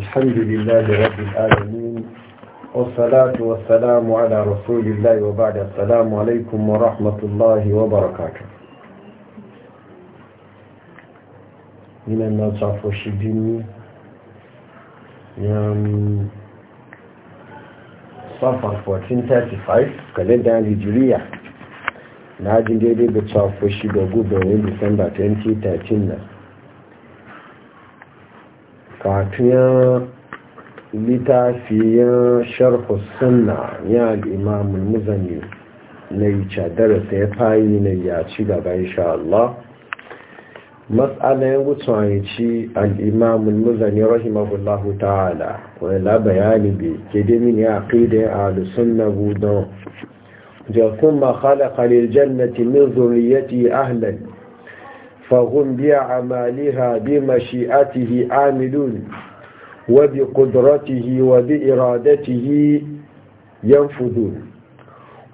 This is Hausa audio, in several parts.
الحمد لله رب العالمين والصلاة والسلام على رسول الله وبعد السلام عليكم ورحمة الله وبركاته من النصف الشديد يام صفر 1435 كالندا الهجرية na jin daidai da tsafo shi da gudunwar disamba 2013 na katiyar littafiyar sharhu sunna ya imamun muzani na yi darasa ya fayi na ya ci gaba insha Allah matsalayin gutsuwanci al'imamun muzani rahimahullahu ta'ala wani labayani bi ke dimin ya ƙidin alusun na budon jakun ma khalaqalil jannati min zuriyati ahlan فهم بأعمالها بمشيئته عاملون وبقدرته وبإرادته ينفذون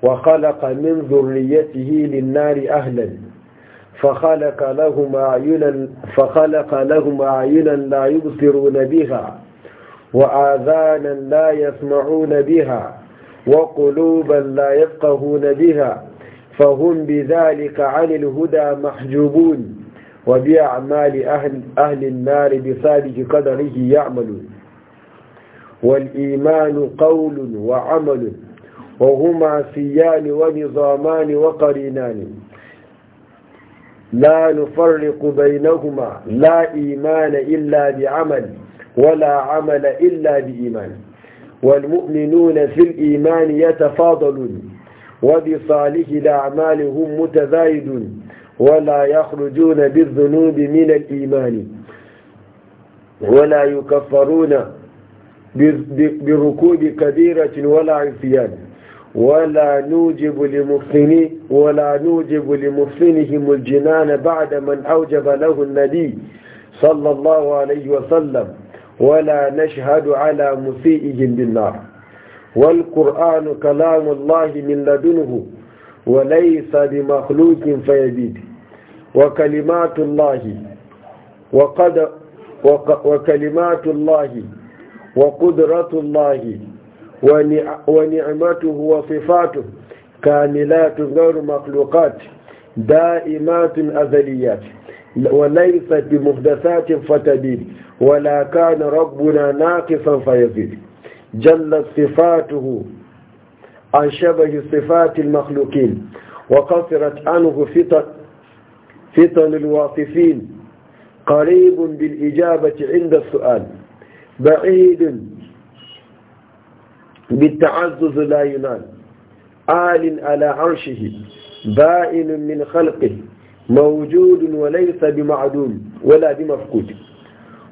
وخلق من ذريته للنار أهلا فخلق لهم أعينا فخلق لهم أعينا لا يبصرون بها وآذانا لا يسمعون بها وقلوبا لا يفقهون بها فهم بذلك عن الهدى محجوبون وبأعمال أهل, أهل النار بصادق قدره يعملون والإيمان قول وعمل وهما سيان ونظامان وقرينان لا نفرق بينهما لا إيمان إلا بعمل ولا عمل إلا بإيمان والمؤمنون في الإيمان يتفاضلون وبصالح الأعمال هم متزايدون ولا يخرجون بالذنوب من الإيمان ولا يكفرون بركوب كبيرة ولا عصيان ولا نوجب لمحسن ولا نوجب لمحسنهم الجنان بعد من أوجب له النبي صلى الله عليه وسلم ولا نشهد على مسيئهم بالنار والقرآن كلام الله من لدنه وليس بمخلوق فيبيده وكلمات الله وقد وكلمات الله وقدرة الله ونعمته وصفاته كاملات غير مخلوقات دائمات أزليات وليست بمحدثات فتبيد ولا كان ربنا ناقصا فيزيد جلت صفاته عن شبه صفات المخلوقين وقصرت عنه فطن الواقفين قريب بالإجابة عند السؤال بعيد بالتعزز لا ينال آل على عرشه بائن من خلقه موجود وليس بمعدوم ولا بمفقود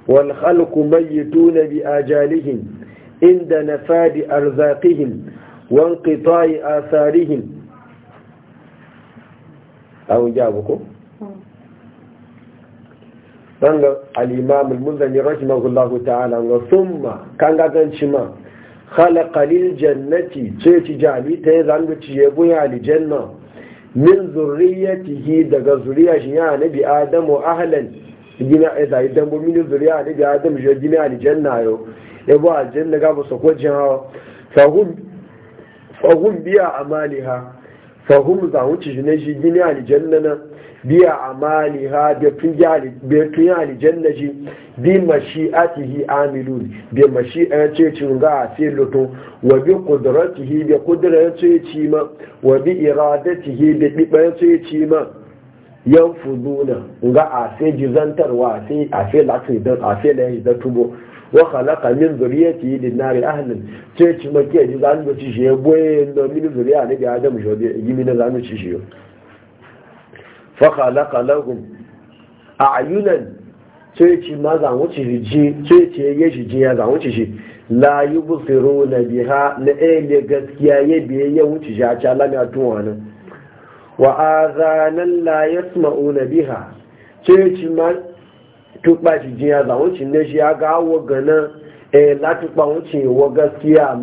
والخلق ميتون بآجالهم عند نفاد أرزاقهم وانقطاع آثارهم أو جابكم ɗanga al'imam al-muzani rahimahullahu ta'ala ga summa kan gaganci ma khalakalil jannati ce ci jami ta yi zangaci ya buya alijanna min zurriyatihi daga zuriya shi ya nabi adamu ahlan gina a eh, zai dambo mini zuriya nabi adamu shi gina alijanna yau ya bu aljanna ga basu ko hawa fahim biya amaliha fahim zahunci shi ne shi gina alijanna na biya amali ha da tun alijanna ji bi mashi'atihi amilun bi mashi'ati ce cin ga a lutu wa bi qudratihi bi qudratihi ce ma wa bi iradatihi bi ɗiɓar ce ma yan fuduna ga a fi jizantarwa a sai lati da a fi layi da tubo wa khalaqa min zuriyati lin nari ahlan ce ci ma zanu ci shi ya boye min zuriya ne ga adam jode yi min zanu ci shi fakhalaka a ayunan sai ci ma za mu ci ji sai ce ya ji ji za mu ci ji la yubsiruna na ele gaskiya ya biye ya wuce ji a ci Allah ya tuwa nan wa azanan la yasmauna biha sai ci ma tu ba ji ji ya za mu ci ne shi ya ga wa gana eh la tu wa gaskiya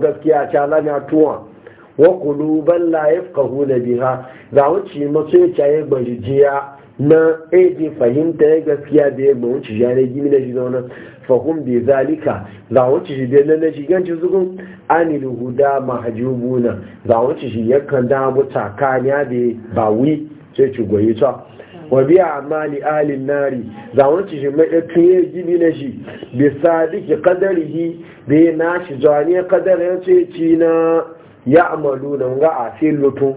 gaskiya a ci Allah ya tuwa wa fi la da biha za wuce masu ya ya gbajijiya na ebe fahimta ya gaskiya da ya gbawun ci jare gini na shi zaunan fahim bai zalika ga wuce shi bai na shi ganci zukun anil huda mahajubuna ga wuce shi yakan damu kaniya da ba wi sai ci goyi ta wa biya amali alin nari ga wuce shi mai tuye gini na shi bai sadiki kadarihi bai na shi zuwa ne kadarin sai ci na ya amalu na nga a fi lutun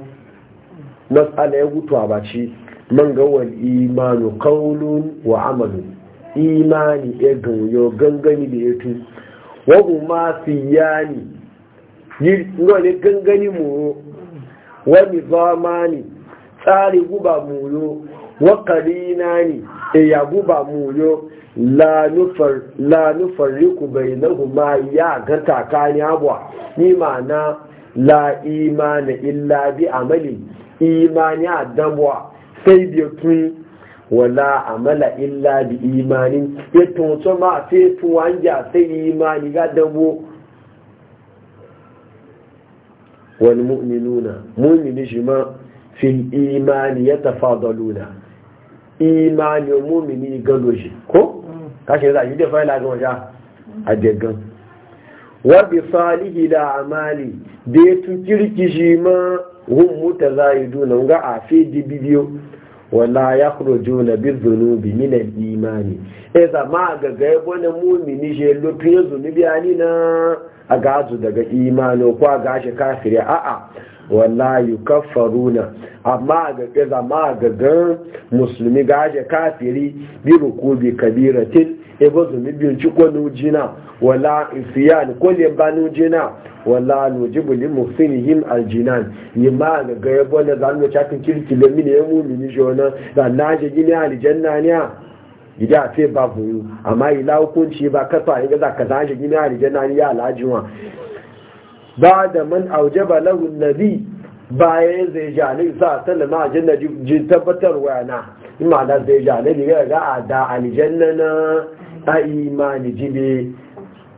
matsala ya gutuwa a baci man gawar imanu kaulun wa amalu imani ya ganyo gangani da ya tu wabu ma fiyani yi ne gangani mu. wani ne. tsari guba muro na ne e ya guba muro la nufar riku bai na huma ya ga takani abuwa ni ma na la imani illa bi amali imani a damuwa sai biya tun wala amala illa bi imani ya tunso ma sai tuwanja sai imani ga dabo wani mu'minuna mu'mini shi ma fi imani ya tafa tafadaluna imani mu'mini gano shi ko kashe za a yi da fa'ila ga wajen a jagan wabi salihi da amali da ya tu kirki shi ma hun muta za yi duna ga a fi wala ya kurojo na bi zunubi mina imani e zama a ga ya gwani mumini shi lokacin ya zunubi ani na a gazu daga imani ko a gashi kafiri a'a wala na amma ga zama ma ga musulmi gaje kafiri bi rukubi kabiratin ego zumi biyunci ko nujina wala isiyan ko lemba nujina wala ni mufini muhsinihim aljinan yima ga ga yabo na zan ga chatin kirki le mini yamu mini jona na naje gini aljanna ne gida a fe ba buyu amma ila hukunci ba kafa ne ga ka naje gini aljanna ni ya wa? ba da man aujaba lahu nabi ya zai ja ne sa sallama aljanna ji tabbatarwa na imma da zai ja ne ga a da aljanna na a imani jibe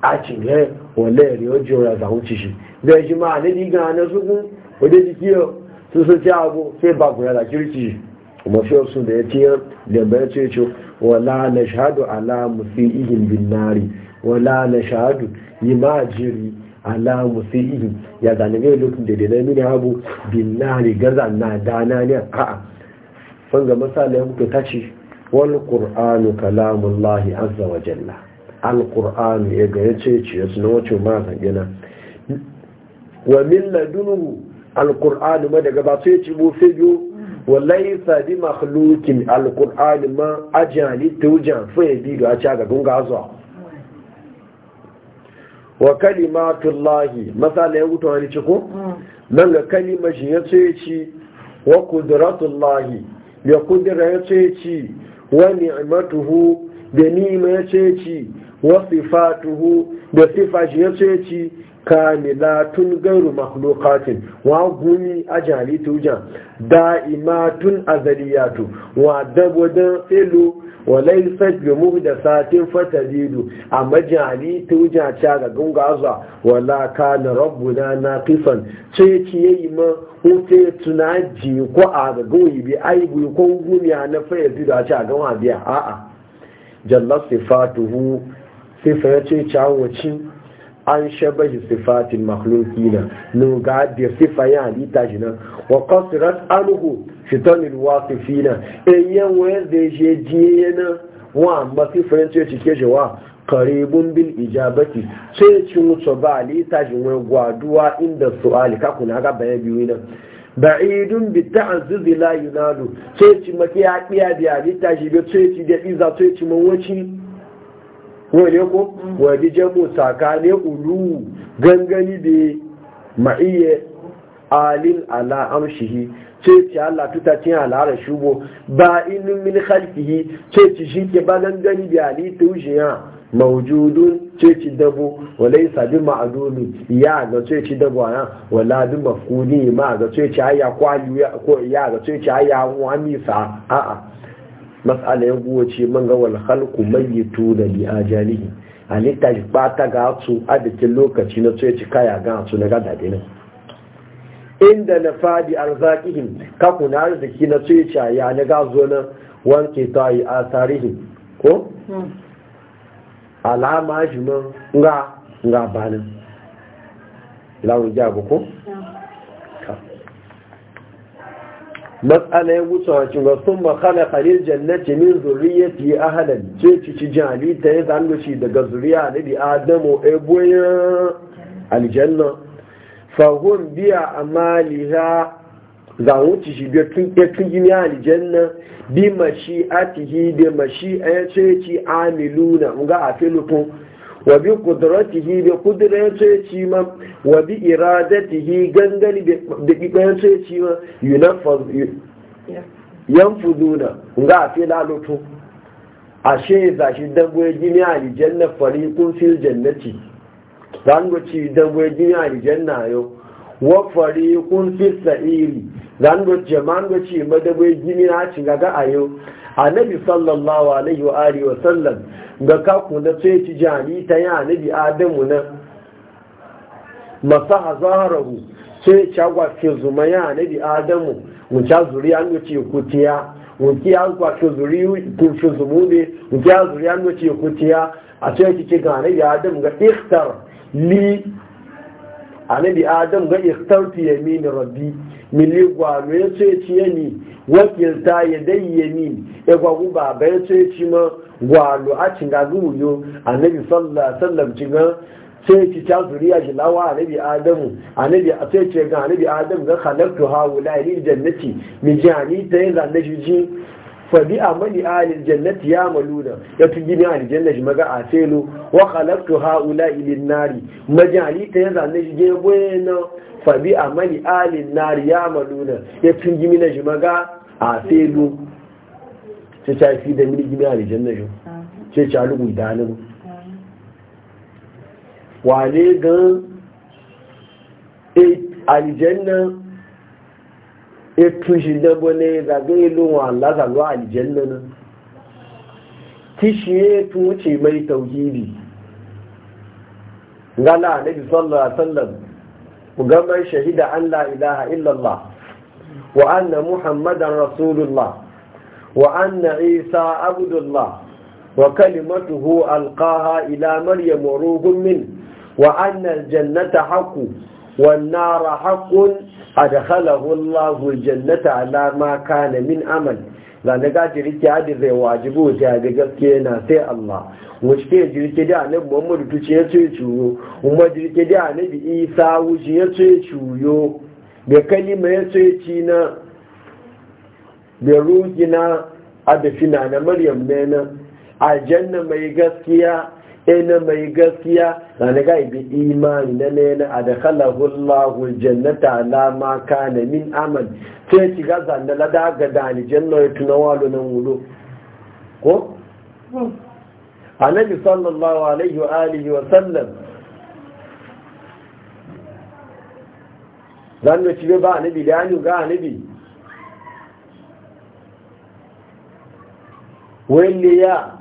a cinye wale riyoji wa zahun cishi da ya ma ne diga na suku wadda jiki yau sun sun ci abu sai ba ku yara kirki mafi sun da ya tiyar da bayan ce ce wala na shahadu ala musi ihin bin nari wala na shahadu yi ma jiri ala musi ihin ya zanagai lokacin da dai mini abu bin nari gaza na dana ne a'a sun ga masalai mutu ta ce wal qur'anu kalamullahi azza wa jalla al qur'anu ya ga yace ce yasu na wace ma zangina wa min ladunhu al ma daga ba sai ci bo sai yo wallahi sa bi makhluqin al ma ajali tujan fa bi da cha ga gunga zuwa. wa kalimatullahi masala ya gutu wani ciko nan ga kalimar shi ya ce ci wa kudratullahi ya kudura ya ce ci wa ni'matuhu da nima ya ce ci wa sifatuhu da sifa shi ya ce ci kamilatun gairu makhluqatin wa gumi ajali tuja da'imatun azaliyatu wa dabwadan elu walaisat da satin fata amma a majali ta ga gunga na wala na na kifan ce ci yi ma tuna tunaji ko a ga goyi bi aibu ko gumiya na fayyadu a ta ga wa biya a'a jallar sifatuhu sifa ce cawacin an shabahi sifatin na nun ga da sifa ya halitta shi nan wa qasirat anhu shitanil wasifina e yan wayan da je jiye na wa amma sifarin ce cike shi wa qaribun bil ijabati sai ci mutu ba halitta shi wani gwaduwa inda su'ali ka kuna ga bayan biyu nan ba'idun bi ta'azzuzi la yunalu sai ci makiya biya biya halitta shi bi sai ci da iza sai ci mawaci wale ko mm. waje jamu tsakanin ulu gangani da ma'iyya alin ala amshihi ce ce Allah tuta cin alara shubo ba inin min khalfihi ce shi ke ba gangani da ali tushiya mawjudun ce ci dabo walai sabi ma'adumi ya ga ce ci dabo ana wala bi mafkuni ma ga ce ci aya kwayu ya ga ce ci aya wani sa a'a mas'ala ya ce man ga wal khalqu mayyitu da bi ajalihi halitta shi ta ga su a cikin lokaci na tsoye cika ya ga su na gada dinan inda na fadi arzakihim ka na arziki na tsoye ya na ga zo na wanke ta yi a tarihi ko hmm. alama shi man ga ga banin lawun jago ko matsala ya wuce wacin ga sun makana kalil jannati min zuriyati ahalan ce ci ci jali ta ya zanu shi daga zuriya da adamu e boyan aljanna fa hum biya ha za wuce shi biya tun ya tun gini aljanna bi mashi'atihi bi mashi'a ya ce ci amiluna ga wa bi qudratihi bi kudratihi ci ma wa bi iradatihi gangali da ya ci ma yunafaz yanfuduna nga fi lalutu ashe za shi dangwe jini a aljanna fariqun fil jannati zango ci dangwe jini a na yau wafari kun fi sa'iri zan go jama'an go ci madabai gini na ci gaga ayo annabi sallallahu alaihi wa alihi wa sallam ga ka ku na sai ci jani ta ya annabi adamu na masaha hazaru sai ci agwa fi zuma ya annabi adamu mu ci zuri an go ci tiya mu ki agwa fi zuri ku zumu ne mu ki zuri an go ci tiya a sai ci ga annabi adamu ga ikhtar li anabi adam ga ikhtartu yamin rabbi mili gwalo ya ce ci yami wakilta ya dai yamin ya gwagu baba ya ce ci ma gwalo a cinga guyo annabi sallallahu alaihi wasallam sai ci ta zuriya shi lawa annabi adamu annabi a sai ce ga annabi adam ga khalaqtu haula lil jannati mijani ta yi zanne shi fabi amali alil jannati ya maluna ya fi ni aljanna shi maga a selo wa kalabtu haula ilin nari majali ta ya zanne shi je boyena fabi amali alil nari ya maluna ya gini na shi maga a selo ce ca fi da mini gimi aljanna shi ce ca lugu idanin wane gan aljanna ètò shi dabo ne wa Allah zaga wa aljanna na kishi ètò mai tauhidi gala annabi sallallahu alaihi shahida an la ilaha illallah wa anna muhammadan rasulullah wa isa abdullah wa kalimatuhu alqaha ila maryam ruhun min wa anna aljannata haqqu والنار حق أدخله الله الجنة على ما كان من عمل da na gaji rike hadi zai wajibu ta ga gaske na sai Allah wuce ke jirke da annabi Muhammadu tuce ya ce cuyo kuma jirke da annabi Isa wuce ya ce cuyo da kalima ya ce ci na da ruki na adafina na Maryam ne na aljanna mai gaskiya ina mai gaskiya na daga ibi imani na nena a da kalahullahu jannata maka kana min amal sai ci gaza na lada ga dani janna ya tuna walo nan wulo ko annabi sallallahu alaihi wa alihi wa sallam zan da cibe ba annabi da yanu ga annabi wani ya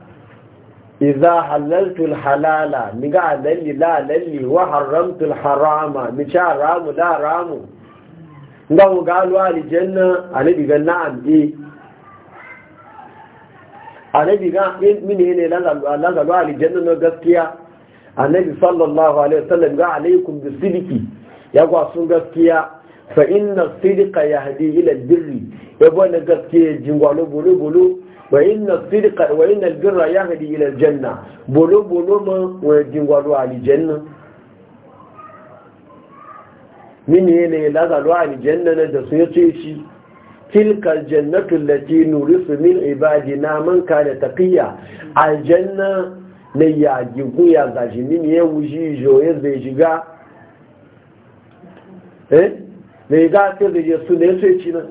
iza halaltul halala mi ga lalli la lalli wa haramtul harama mi ci haramu da haramu nga mu ga alu alijanna alibi ga na'am e eh. alibi ga mini ne lalu janna na gaskiya annabi sallallahu alaihi wa sallam, ga alaikum da sidiki ya kwa sun gaskiya fa inna sidiqa yahdi ila birri ya bo na gaskiya jingwalo bulu bulu وإن الصدق وإن البر يهدي إلى الجنة بولو بولو ما ويدين ولو على الجنة من هنا لذا لو على الجنة نجسيتشي تلك الجنة التي نورث من عبادنا من كان تقيا الجنة نياجي كويا زاجي من يوجي جوي زيجيغا eh ne ga ta da yesu ne sai ci nan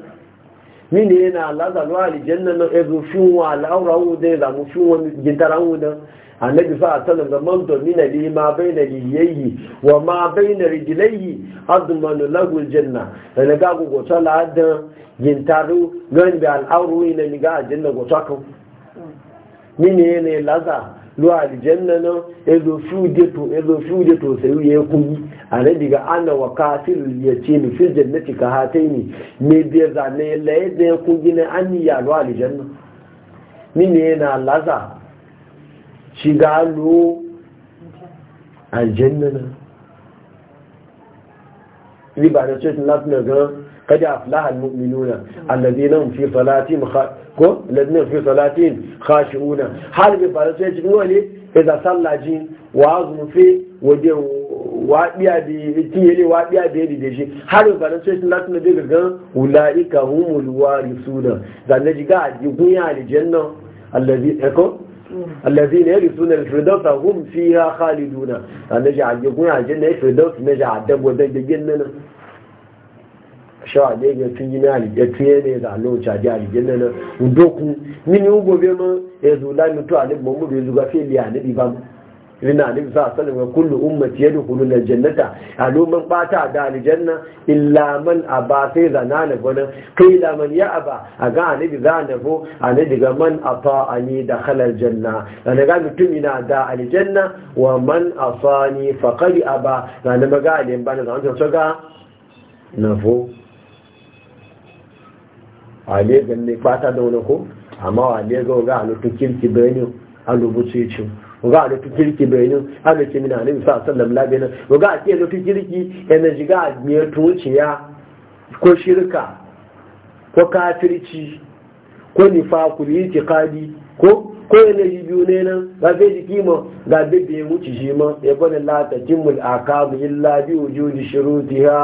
mini yana alaza no aljanna no ezo fun wa alaura wu de la mu fun wa gintara wu da annabi sa a da man to mina li ma baina liyayi wa ma na rijlayhi adman lahu aljanna da ga go go sala da gintaru gan bi alauru ina ni ga aljanna go ta ko mm. mini yana alaza lo aljanna na ezo fude to ezo fude to sai ya kun ale diga ana wa kafir yatim fil jannati ka hataini me bi zane lai da kun gina an ya lo aljanna ni ne na laza shiga lo aljanna na riba da cikin lafiya ga قد أفلح المؤمنون الذين هم في صلاتهم خ... كو الذين في صلاتهم خاشعون حال بفارسة يقول إذا صلى جين وعظم في ودي وابيا دي تيلي وابيا دي دي دي حال بفارسة يقول لك نبي غان أولئك هم الوارثون ذا نجي قاعد يقول على الجنة الذين أكو الذين يرثون الفردوس هم فيها خالدون نجعل يقول على الجنة الفردوس نجعل دم ودم الجنة shawa ne ga tun yi na alijatu ya ne da allon caji alijin nan ndokun mini ugo be ma ya zula mutu ma mu bai zuga fili a nabi ba mu rina alib sa sanin ga kullu ummati ya dukulu na jannata aluman bata da alijanna illa man aba sai zana na gwada kai la man ya aba a ga anabi za na bo anabi ga man a ani da halar janna ana ga mutum ina da alijanna wa man a fa asani faqad aba na ma ga alim ba na zan ta ga na fo a legan ne kwata da wani ko amma a legan ga alutun kirki bayani a rubutu ya ce ga alutun kirki bayani a lokacin mina ne bisa sallam labinan ga a ke alutun kirki yana shiga a miyar tuwuciya ko shirka ko kafirci ko nifa ku nifakul itikadi ko ko yi biyu ne nan ba zai ji kima, ga bibbe wuce shi ma ya bani latatin mul'aka illa biyu juji shirutiya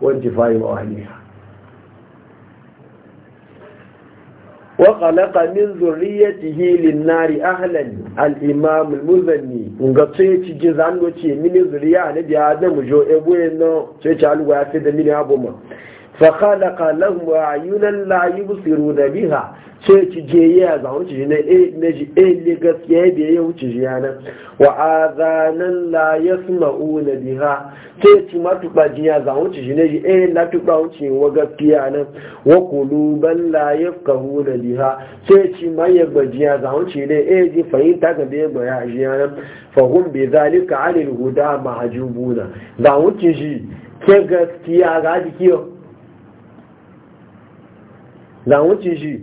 wanti fayi wa wahaliya وخلق من ذريته للنار اهلا الامام المزني nga tsoyaci jin zanuwa ce mini zuriya na biya na mujo ebo alwa ya da mini abuma. فخلق لهم عيونا لا يبصرون بها sai ci je ya za wuce shi na ji e ne gaskiya da ya wuce shi yana wa azanan la ya una biha sai ci matuɓa ji ya zaun ci shi na ji e na tuɓa wuce wa gaskiya nan wa kuluban la ya kahu na biha sai ci ma ya ji ya zaun ci ne e ji fahimta ga da ya gbaya shi yana fahim bai zalika alil huda mahajubuna za wuce shi ke gaskiya ga jikiyar da wuce shi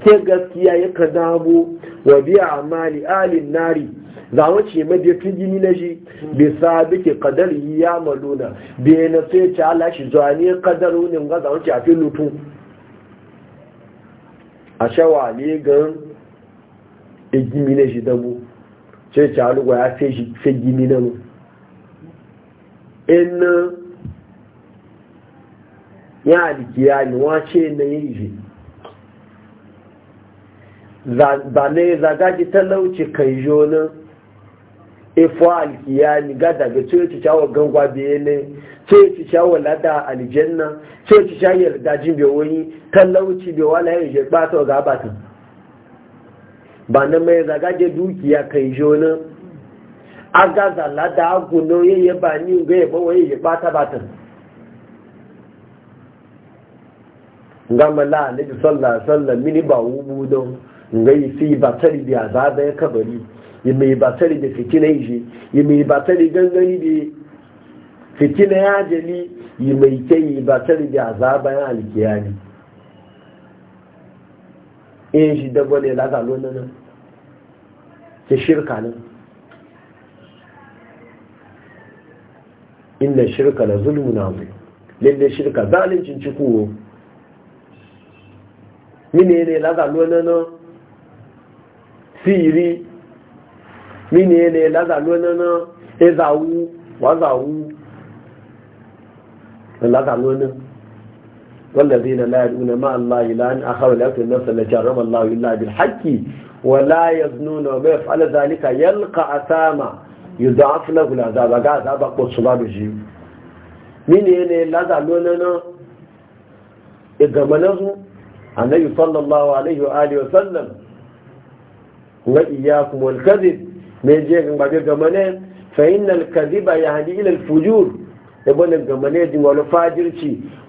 ke gaskiya ya ka damu wa biya amali alin nari za wuce madafin jini na shi bai sabi ke kadar yi ya maluna bai na sai ci ala shi zuwa ne kadar wani ga za wuce a fi lutu a shawa ne gan igimi e na shi damu sai ci alugwa ya fi gini na mu in e ya alikiya ni wọ́n ṣe na yìí ba ne ji talauci kan yonin e ifo alkiya ni gada ga tsoyoci shawar gangwa biye ne tsoyoci shawar lada aljanna tsoyoci shawar dajin biyo wani talauci biyo wala yin shi ba ga gabata ba na mai zagaje dukiya a ga agaza lada agunan yayye ba ni ga yaba wani shi ba ta batan gama la annabi bi alaihi wasallam mini ba wubu don ngai fi ba tari bi azaba ya kabari yi mai ba tari da fitina ji yi mai ba tari gangani bi fitina ya jali yi mai kai ba tari da azaba ya alkiyani in ji da gole la ga lona na ke shirka nan inna shirka la zulmun azim lalle shirka zalincin cikuwo mini ne laza na siri mini ne na na wazawu laza na wanda zai na laya duna ma Allah ila an aka wala yake nasa na jarrab Allah ila bil haƙƙi wala ya zunu na mai fa'ala zalika yalka a sama yi da afina gula zaba ga zaba ko su ba da shi na na igamanazu annabi sallallahu alaihi wa alihi wa sallam wa iyyakum me je ga babe gamane fa innal kadhiba yahdi ila al fujur da e bane gamane din wal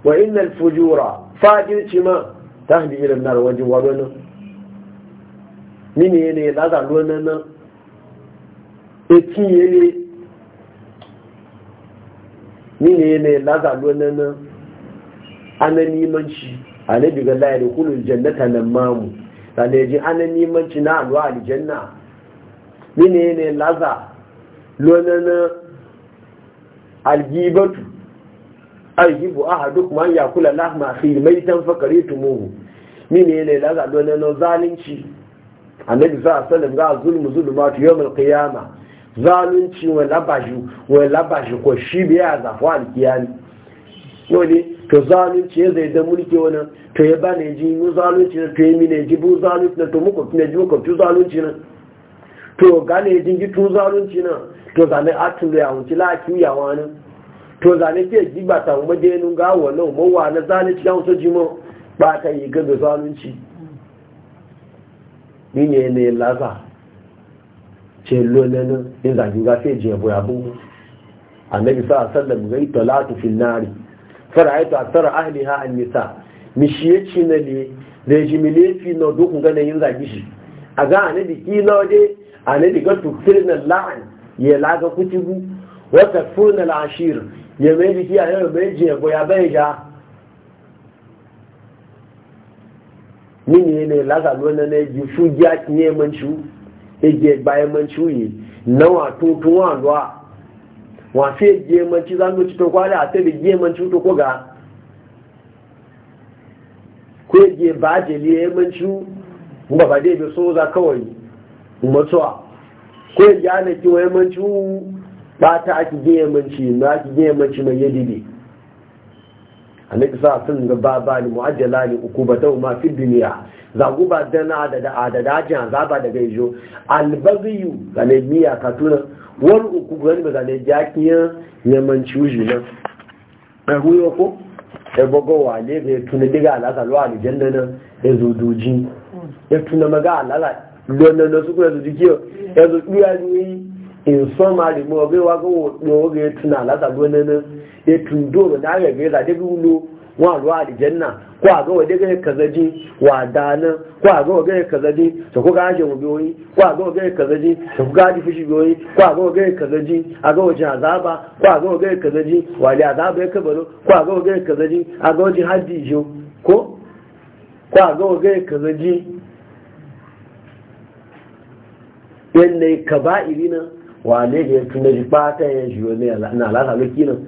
wa innal fujura fajirci ma tahdi ila nar wajin wa na etin annabi ga la yadkhulul jannata namamu sane ji ana neman ci na alwa aljanna mine ne laza lonana aljibatu duk ahadukum an yakula lahma akhihi maitan fakaritumu mine ne laza lonana zalunci annabi za sallam ga zulmu zulmatu yawmal qiyama zalunci wa labaju wa labaju ko shi biya zafwa alkiyami yau ne to zalunci ya zai da mulki wani to ya ba ne ji yi zalunci na to ya mi ne ji bu zalunci na to makwabci ne ji makwabci zalunci na to gane ji ji tun zalunci na to zane da yawon wuce laki ya wani to zane ke ji ba ta kuma denu ga wannan mawa na zalunci ya ji ma. ba ta yi da zalunci ni ne ne laza ce lolanin in zafi ga sai je bu ya bu annabi sa sallam zai talatu fil nari fara'aitu aksara ahliha an-nisa ci na le, da ya jimile fi na dukun ganin yin zagi shi a ga anabi kila waje anabi ga tukfir na la'an ya laga kutubu wata na la'ashir ya mai biki a yau mai jiya goya bai ja mini ne laga lona na ji shu ne kinye manchu ege bayan manchu yi nawa tutun wa wafe gemanci za mu ci to kwada a tabi gemanci to ko ga ko je ba je ya manci ba ba dai be so za kawai mutuwa ko ya kiwa ki manci ba ta aki gemanci na aki gemanci mai yadda ne annabi sa sun ga baba ni mu'ajjala ni ukubata ma fi dunya za guba dana da da da dajin azaba daga ijo albaziyu zane miya katuna wal ukuban ba zane jakiya man ciuji na a huyo ko e bogo wale be tuna diga alasa lo aljanna na e zuduji e tuna maga alala lo na lo su ko zuduji e zo duya ni in so ma ri mo be wa go wo ge tuna alasa lo na na ya tundo da na ga gaza da gulo wa ruwa da janna ko a ga wadda gaya kazaji wa dana ko a ga wadda kazaji ta ko ga ajiyar biyoyi ko a ga wadda kazaji ta ko ga ajiyar fushi biyoyi ko a ga wadda kazaji a ga wajen azaba ko a ga wadda kazaji wa da azaba ya kabaro ko a ga wadda kazaji a ga wajen haji jiyo ko ko a ga wadda kazaji yadda ka ba'iri nan wa ne ga yankin da ji ba ta yin shi wani na alaƙa lokacin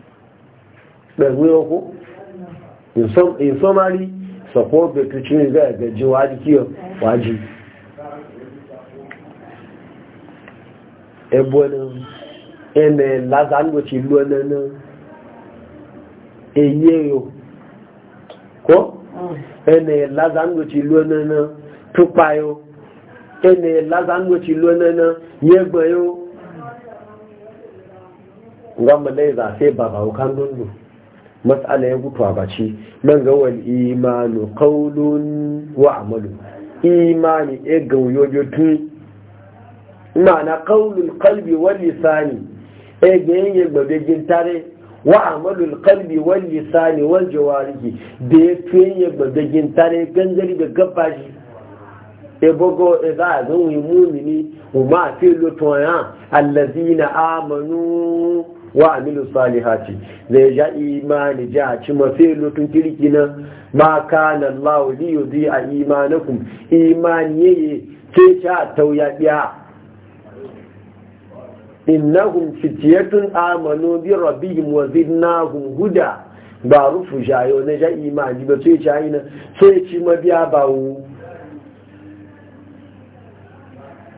ɗarguyo ko in somali support da tucin ga gaji waji kiyo waji ebonin ene lazangoci luwanan eyeyo ko ene lazangoci luwanan tupayo ene lazangoci luwanan yegbayo ngamma dai se baba kan dundu matsala ya gutuwa a ce nan ga wal imanu kaunun wa amalu imani ya e ga yoyo tun ma'ana qaulul kalbi wani sani ya e ga yin gbabe gin tare wa amalul kalbi wani sani wani jawarihi da ya ya gbabe gin tare gangari da gabashi e za a zan wuyi mumini wa ma fi allazi na amanu wa amilu salihati zai ja imani ja ci mafi lutun kirki na ma kana Allah li yudi a imanakum imani yayi ce ta tauya biya innahum fitiyatun amanu bi rabbihim wa zidnahum huda ba rufu jayo na ja imani ba a ja ina sai ci mabiya ba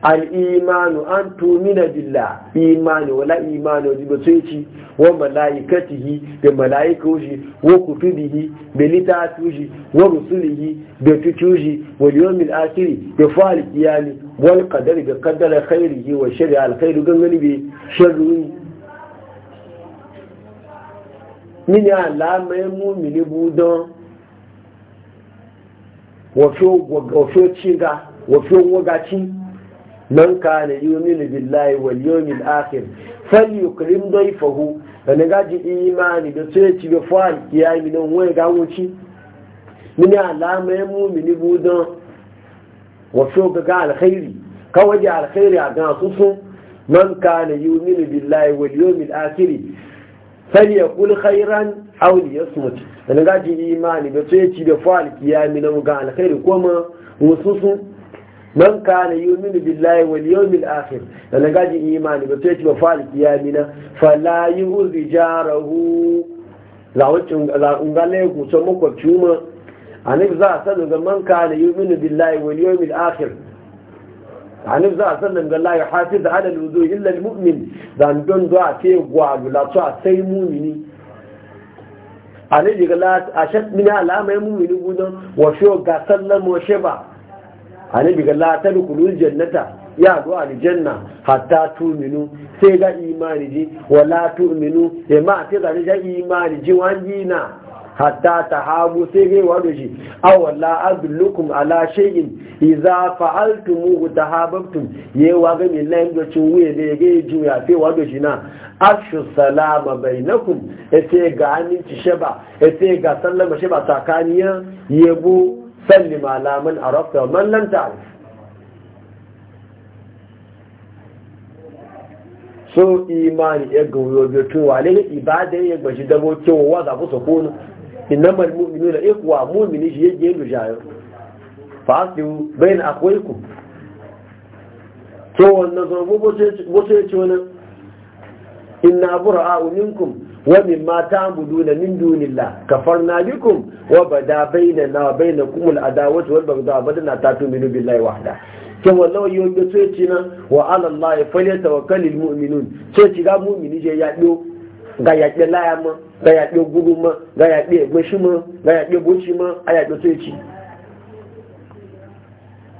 al'imanu an tumina dilla imani wala imani wajen ba sai ci wa mala'ikatihi da mala'ikoshi wa kutubihi da litatushi wa rusulihi da tutushi wa yawmil akhiri da fa'al qiyami wal qadari da qaddara khairihi wa sharri da khairu gangani bi sharri min ya la mai mu'mini budan wa fi wa fi cinga wa fi wagacin man kana yu'minu billahi wal yawmil akhir falyukrim dayfahu dan gaji imani da sai ci ga fa kiyami don wai ga wuci mini alama ya mumini budan wasu ga ga alkhairi kawai da alkhairi a gan susu man kana yu'minu billahi wal yawmil akhir falyakul khairan aw liyasmut dan gaji imani da sai ci ga fa kiyami don ga alkhairi kuma wasu sun man kana yuminu billahi wal yawmil akhir dan gaji imani ba sai ba fal kiyamina fala yuzi jarahu la wucin la ungale ku so mako tuma anib za san ga man kana yuminu billahi wal yawmil akhir anib za a san ga la yuhasiz ala al wudu illa al mu'min dan don do a ce gwalu la to a sai mu'mini anib ga la ashad min alama mu'mini gudan wa o ga sallamo ba. annabi ga la jannata ya go aljanna hatta tu'minu sai ga imani ji wala minu ya e ma sai ga imani ji wajina hatta tahabu sai ga wado shi aw walla adlukum ala shay'in idza fa'altumuhu tahabbtum ye wa ga min nan da cin wuye da ga juya sai wado shi na Ashu salama bainakum e sai ga aminci shaba e sai ga sallama shaba tsakaniya yebo سلم على من عرفت ومن لم تعرف so imani ya gauro da wa ne ibada ya gbashi dabo kewa wa za ku sako ni innamal mu'minuna ikwa mu'mini shi yake yin jayo fasu bayan akwai ku to wannan zo bo ya ce wani inna bura'a minkum Wani ma ta bude ne na duniya? wa ba da bai na na wa bai na kuɗi wa da wata wani ba ka da wa ba da na ta tuni na bi na layi wahala. Ko wani lauyan gbe coci na wa ga yaɗu laya ma, ga ga yaɗu gushin ma, ga yaɗu ga yaɗu coci.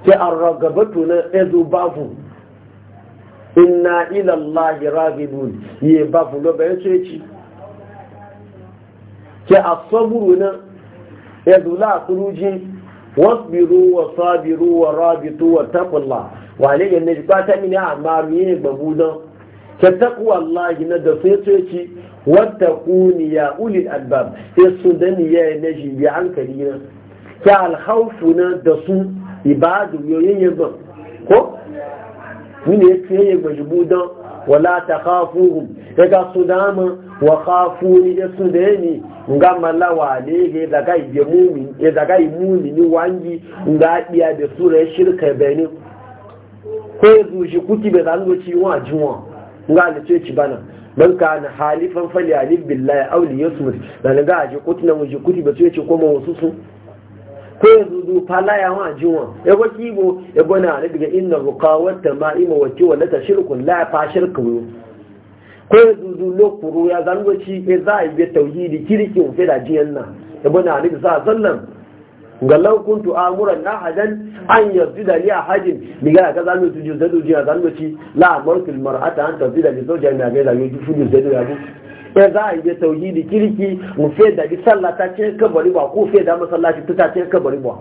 Ko a rogo gaba tonon ido ba zun ina illan layi ravin mun ya yi ba zun ko kai coci. ke asaburu na ya zula kuruji wasbiru wa sabiru wa rabitu wa taqullah wa alayhi ne ba ta mini amma mi ne babu don ke taqwa Allah na da sai sai ci wattaquni ya ulil albab sai su ya ne ji bi hankali na Ka alkhawfu na da su ibadu yoyin yaba ko mini ya ce ya don wala takhafuhum daga su dama wa khafuni ya suneni nga malawa ne ga da kai mumi ya daga kai mumin wangi nga diya da sura shirka bani ko yanzu shi kuti bai zan go ci wa jinwa nga ne ce ci bana man kana halifan fali alif billahi aw li yasmut dan ga ji kuti na mu ji kuti be ce ce ko mu susu ko ya zuzu fala ya wa jiwa ya ba kibo ya bana ne daga inna ruqawat ma'ima wa kiwa ta tashirkun la fa shirku ko ya zuzu e e e lokuru ya zango ci ke za a yi tauhidi kirki fi da jiyan nan bane a nufi sa sannan ga laukun tu amuran na hajjan an yanzu da ni a hajin diga ka zango tu jin zadu jiya zango ci La'amar filmar ata an tafsida ni soja jami'a ga zango ji fudu zadu ya bu ya za a yi tauhidi kirki fi da ji sallata ce kabari ba ko fi da masallaci ta ce kabari ba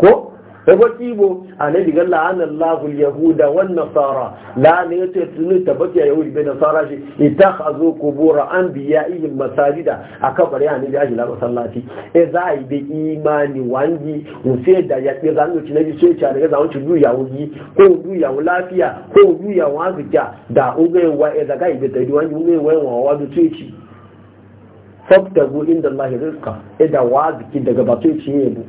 ko daga kibo a na diga la'anar lahul yahuda wan nasara la'ana ya ce tuni tabbata yahudi bai nasara shi ita a zo kubura an biya ihin masajida a kafar ya ne biya shi labar sallaci e za a yi da imani wangi wufe da ya ɗi zanen ci na ji soja daga zanen ci duya ko duya lafiya ko duya wu da ugewa e zaga ibe da yi wangi ugewa yawa wa da soci fabtagu inda Allah rizqa ida e wa aziki daga batoci ne bu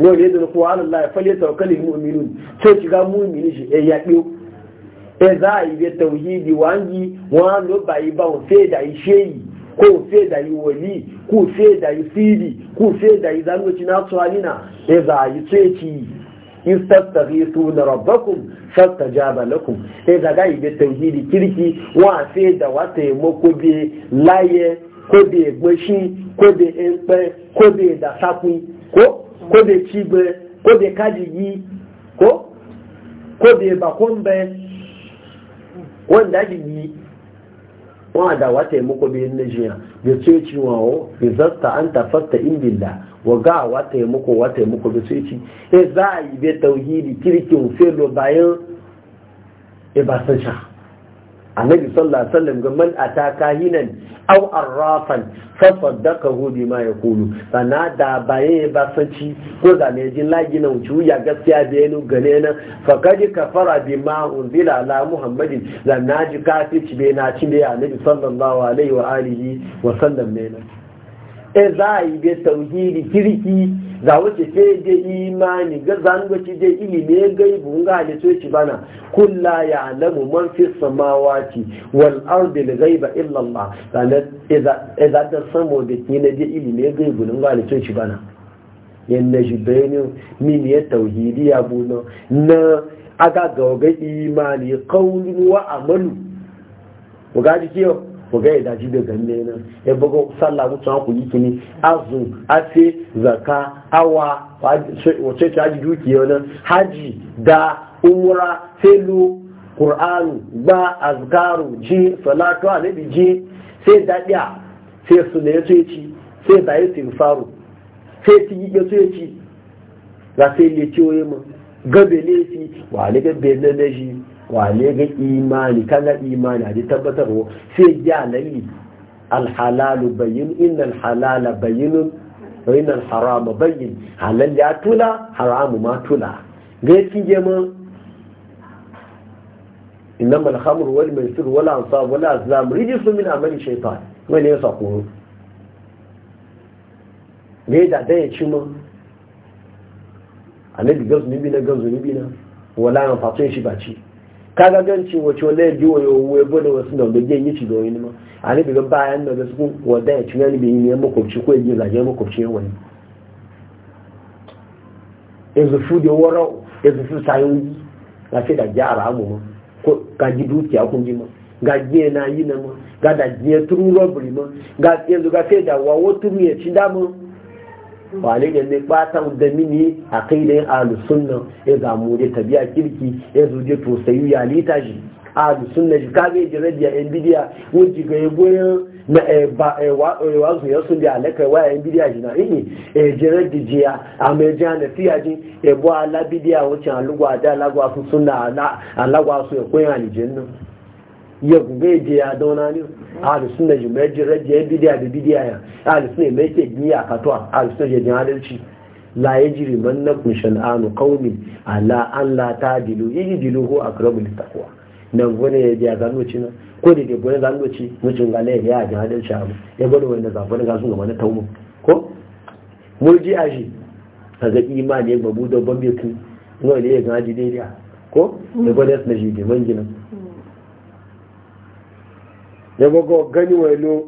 wani yadda na kowa Allah ya falle tawakkalin mu'minun sai shiga mu'mini shi eh, ya yaɗo ya eh, za a yi tauhidi wangi wani lo ba yi ba sai da yi sheyi ko sai da yi wali ko sai da yi sidi ko sai da yi zanoci na tsuhalina ya eh, za a yi sai ci na rabbakum fastajaba lakum sai da ga yi bai tauhidi kirki wa sai da wata yamako bai laye ko bai gbashi ko bai ɗan ko bai da sakun ko ko bai ci ba ko bai kaji yi ko ko bai bakon ba wanda ake yi wa da wata yi muku bayan na jiya da ce ci wawo bi zasta an tafatta indilla wa ga wata yi wata yi muku da ce ci e za a yi bai tauhidi kirkin felo bayan ibasan e sha annabi sallallahu alaihi wasallam ga man ataka hinan aw arrafan fa saddaqahu bima yaqulu sana da baye ba sanci ko da ne jin lagi na wuce ya gaskiya da yanu gane na fa kad kafara bima unzila ala muhammadin da naji ci be na ci be annabi sallallahu alaihi wa alihi wa sallam ne na e za a yi bai tauhidi kirki za wuce sai da imani ga zangoci je ilimi gaibu ga ci bana kulla ya alamu man fi samawati wal ardi li ghaiba illa Allah sanan e za ta samo da kina da ilimin gaibu ga ci bana yanda ji bayani min ya tauhidi ya no na aga ga imani qawlun wa amalu ga ji yau. ku ga da ji da ganne nan ya bugo sallah ku ku yi tuni azu ace zaka awa wace ta ji dukiya nan haji da umra felu quran ba azgaru ji salatu bi ji sai dadiya sai su ne yace ci sai da yi faru sai ti yi yace ci za sai le ciwo mu gabe lefi wa ne gabe na ne shi wane ga imani kaga imani a tabbatarwa sai ya lalli alhalalu bayin innal halala bayinun wa innal harama bayin halal ya tula haramu ma tula ga yake gema innama alhamru wal maisir wal ansab wal azlam rijisu min amali shaytan wani ya sako ga da dai ya ci mun annabi gazu ni bi na gazu ni bi na wala an fatin shi ba ci kaga ganci wace wala ji wa yowo ya bude wasu da gajen yi ci domin ma a ne bigan bayan da gasu kun wadda ya ci gani bayin ya makwabci ko ya ji zage makwabci ya wani yanzu fu da wara yanzu fu sayin wuji ga ce da gyara amu ma ko ga ji dukiya kun ji ma ga jiya na yi na ma ga da jiya turu robbery ma ga yanzu ga sai da wawo turu ya ci dama wale ne ne batan da mini a kai da yin ahalu sunna ya zamu da tabiya kirki ya zuje to sayu ya lita shi ahalu sunna shi kage ji radiya yan bidiya wuce ga ya goyon na eh, ba eh, eh, wa su ya sun da alaka waya yan bidiya shi na ini e ji radiya a mai ji na fiya ji e bo ala bidiya wuce alugwa da alagwa su sunna alagwa su ya koyan alijanna ya gube je ya dauna ne ahlu sunna ji mai jira je bidiya da bidiya ya ahlu sunna mai ke biya katwa ahlu sunna je jin adalci la ya yajri man nakum shan'anu qaumin ala an la tadilu yajdilu hu aqrabu littaqwa nan gone ya je ga noci na ko da ke gone ga noci mutum ga lai ya jin adalci abu ya gode wanda zafin ga sun gaba na taumu ko murji aji a ga imani ya babu da bambe ku ne ya ga daidai ko ya gode na ji man ginan ya gogo gani wailo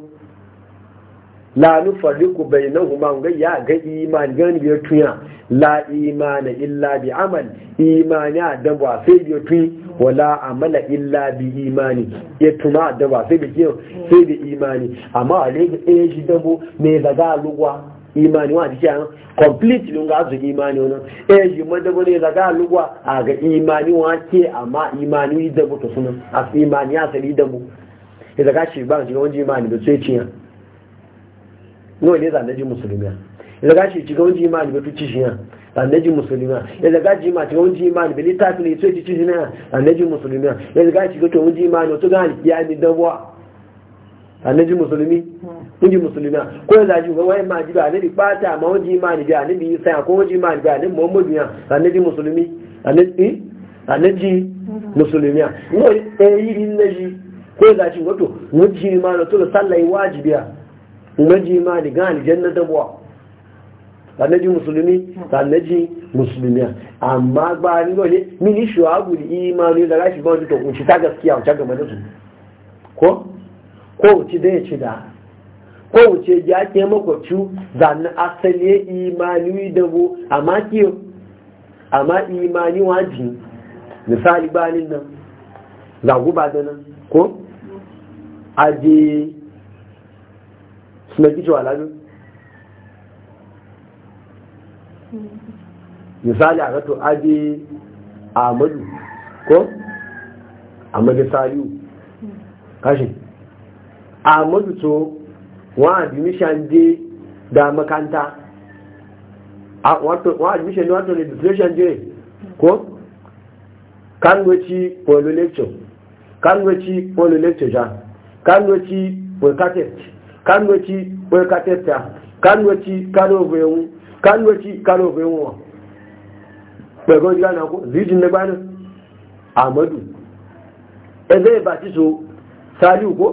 la nufarriqu bainahuma ga ya ga iman gani biyo tuya la imana illa bi amal imani da ba sai biyo tuyi wala amala illa bi imani ya tuna da ba sai bi kiyo sai bi imani amma ale ga eh shi dabo me daga lugwa imani wa an complete lunga azu imani wani eh shi madabo ne daga lugwa a ga imani wa ke amma imani da to sunan as imani asali da bu idan ka shi ban shiga wajen imani da sai ciya no ne zan ji musulmiya idan ka shi shiga wajen imani da tuci shiya annaji musulmiya idan ka ji ma shiga wajen imani da littafi ne sai tuci shiya annaji musulmiya idan ka shiga to wajen imani ya ni dawa annaji musulmi inji musulmi ko ya zaji ga wai ma ji ba annabi bata ma wajen imani da annabi isa ko wajen imani da muhammadu ya annaji musulmi annabi eh? annaji musulmiya ne eh, yi ko za ci wato wajibi ma na to sallai wajibiya wajibi ma da gani janna dabuwa ta sanaji musulmi ta sanaji musulmiya amma ba ni wani mini shuwagu da imanu da rashi ba wani to kunci ta gaskiya wacce game da su ko ko wuce da ya ci da ko wuce ya ke makwabci zanen asali imanu da bu amma kiyo amma imani wajin misali banin nan zagu ba da nan ko aje suna kici wa lalu misali a rato aje amadu ko amadu saliu kashi amadu to wa admission dai da makanta wa admission ne wato registration dai ko kan wace polo lecture kan wace polo lecture ja kanwaci wekatet kanwaci wekateta kanwaci karobewu kanwaci karobewu wa a ìgbà náà kó zíjì nígbà náà àmọ́dù ẹgbẹ́ ìbàtíso sáàlìwò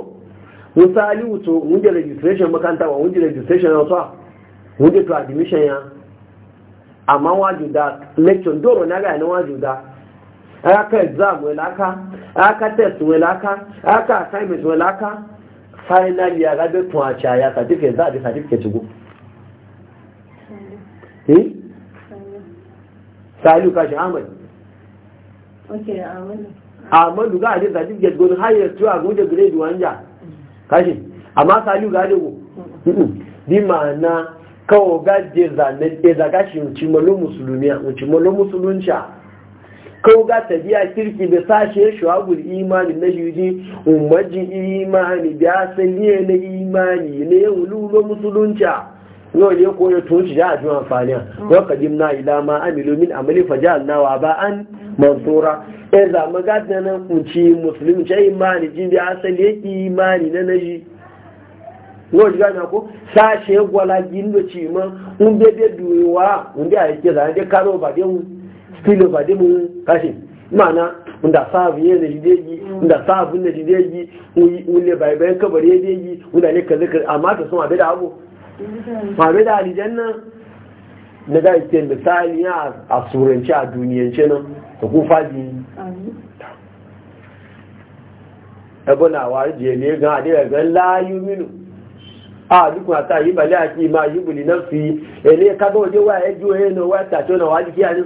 registration makanta wa jẹ́ registration ọ̀tọ́ a jẹ́ to admission ya àmá wájú dá lecture dóòrò náà gáà ní wájú aka exam wela aka aka test wela aka aka assignment wela aka finally arabe tun acha ya certificate za a bi certificate go eh salu hmm? ka shi amali okay amali amali ga da certificate go higher to a go da grade 1 ja kashi amma salu ga da go bi ma'ana kawo gajiyar zane ɗaya zaga shi mucimalo musulmiya musulunci kau ga biya kirki da sashe shuwagul imani na yuji umarji imani da asaliye na imani na yau wululo musulunci yau ne ko ya toci da ajiyar amfani wa kadim na ila ma amilu min amali fajal na wa ba an mansura ya e zama gada na kunci musulunci imani jin da asaliye imani na naji wọ́n ti gbáyà kó sáà ṣe é gbọ́lá jí ń lò tì mọ́ ń bẹ́ẹ̀ bẹ́ẹ̀ dùn wá ń bẹ́ẹ̀ àyíkẹ́ sàrẹ́dẹ́ kárọ̀ bàdé wọn filin ba dai mun kashi mana unda sabu ne da jideji mm. unda sabu ne jideji ulle bai bai kabari ya deji unda ne kaza kaza amma ta sun abe da abu ma abe da aljanna na ga ite misali ya a surance a duniyance nan ta ku fadi ebona wa je ne ga ade ga la yuminu a duk wa ta yi bali a ki ma yubuli nafsi ele ka ga waje wa ya e juye no wa ta to na wa ji ya ne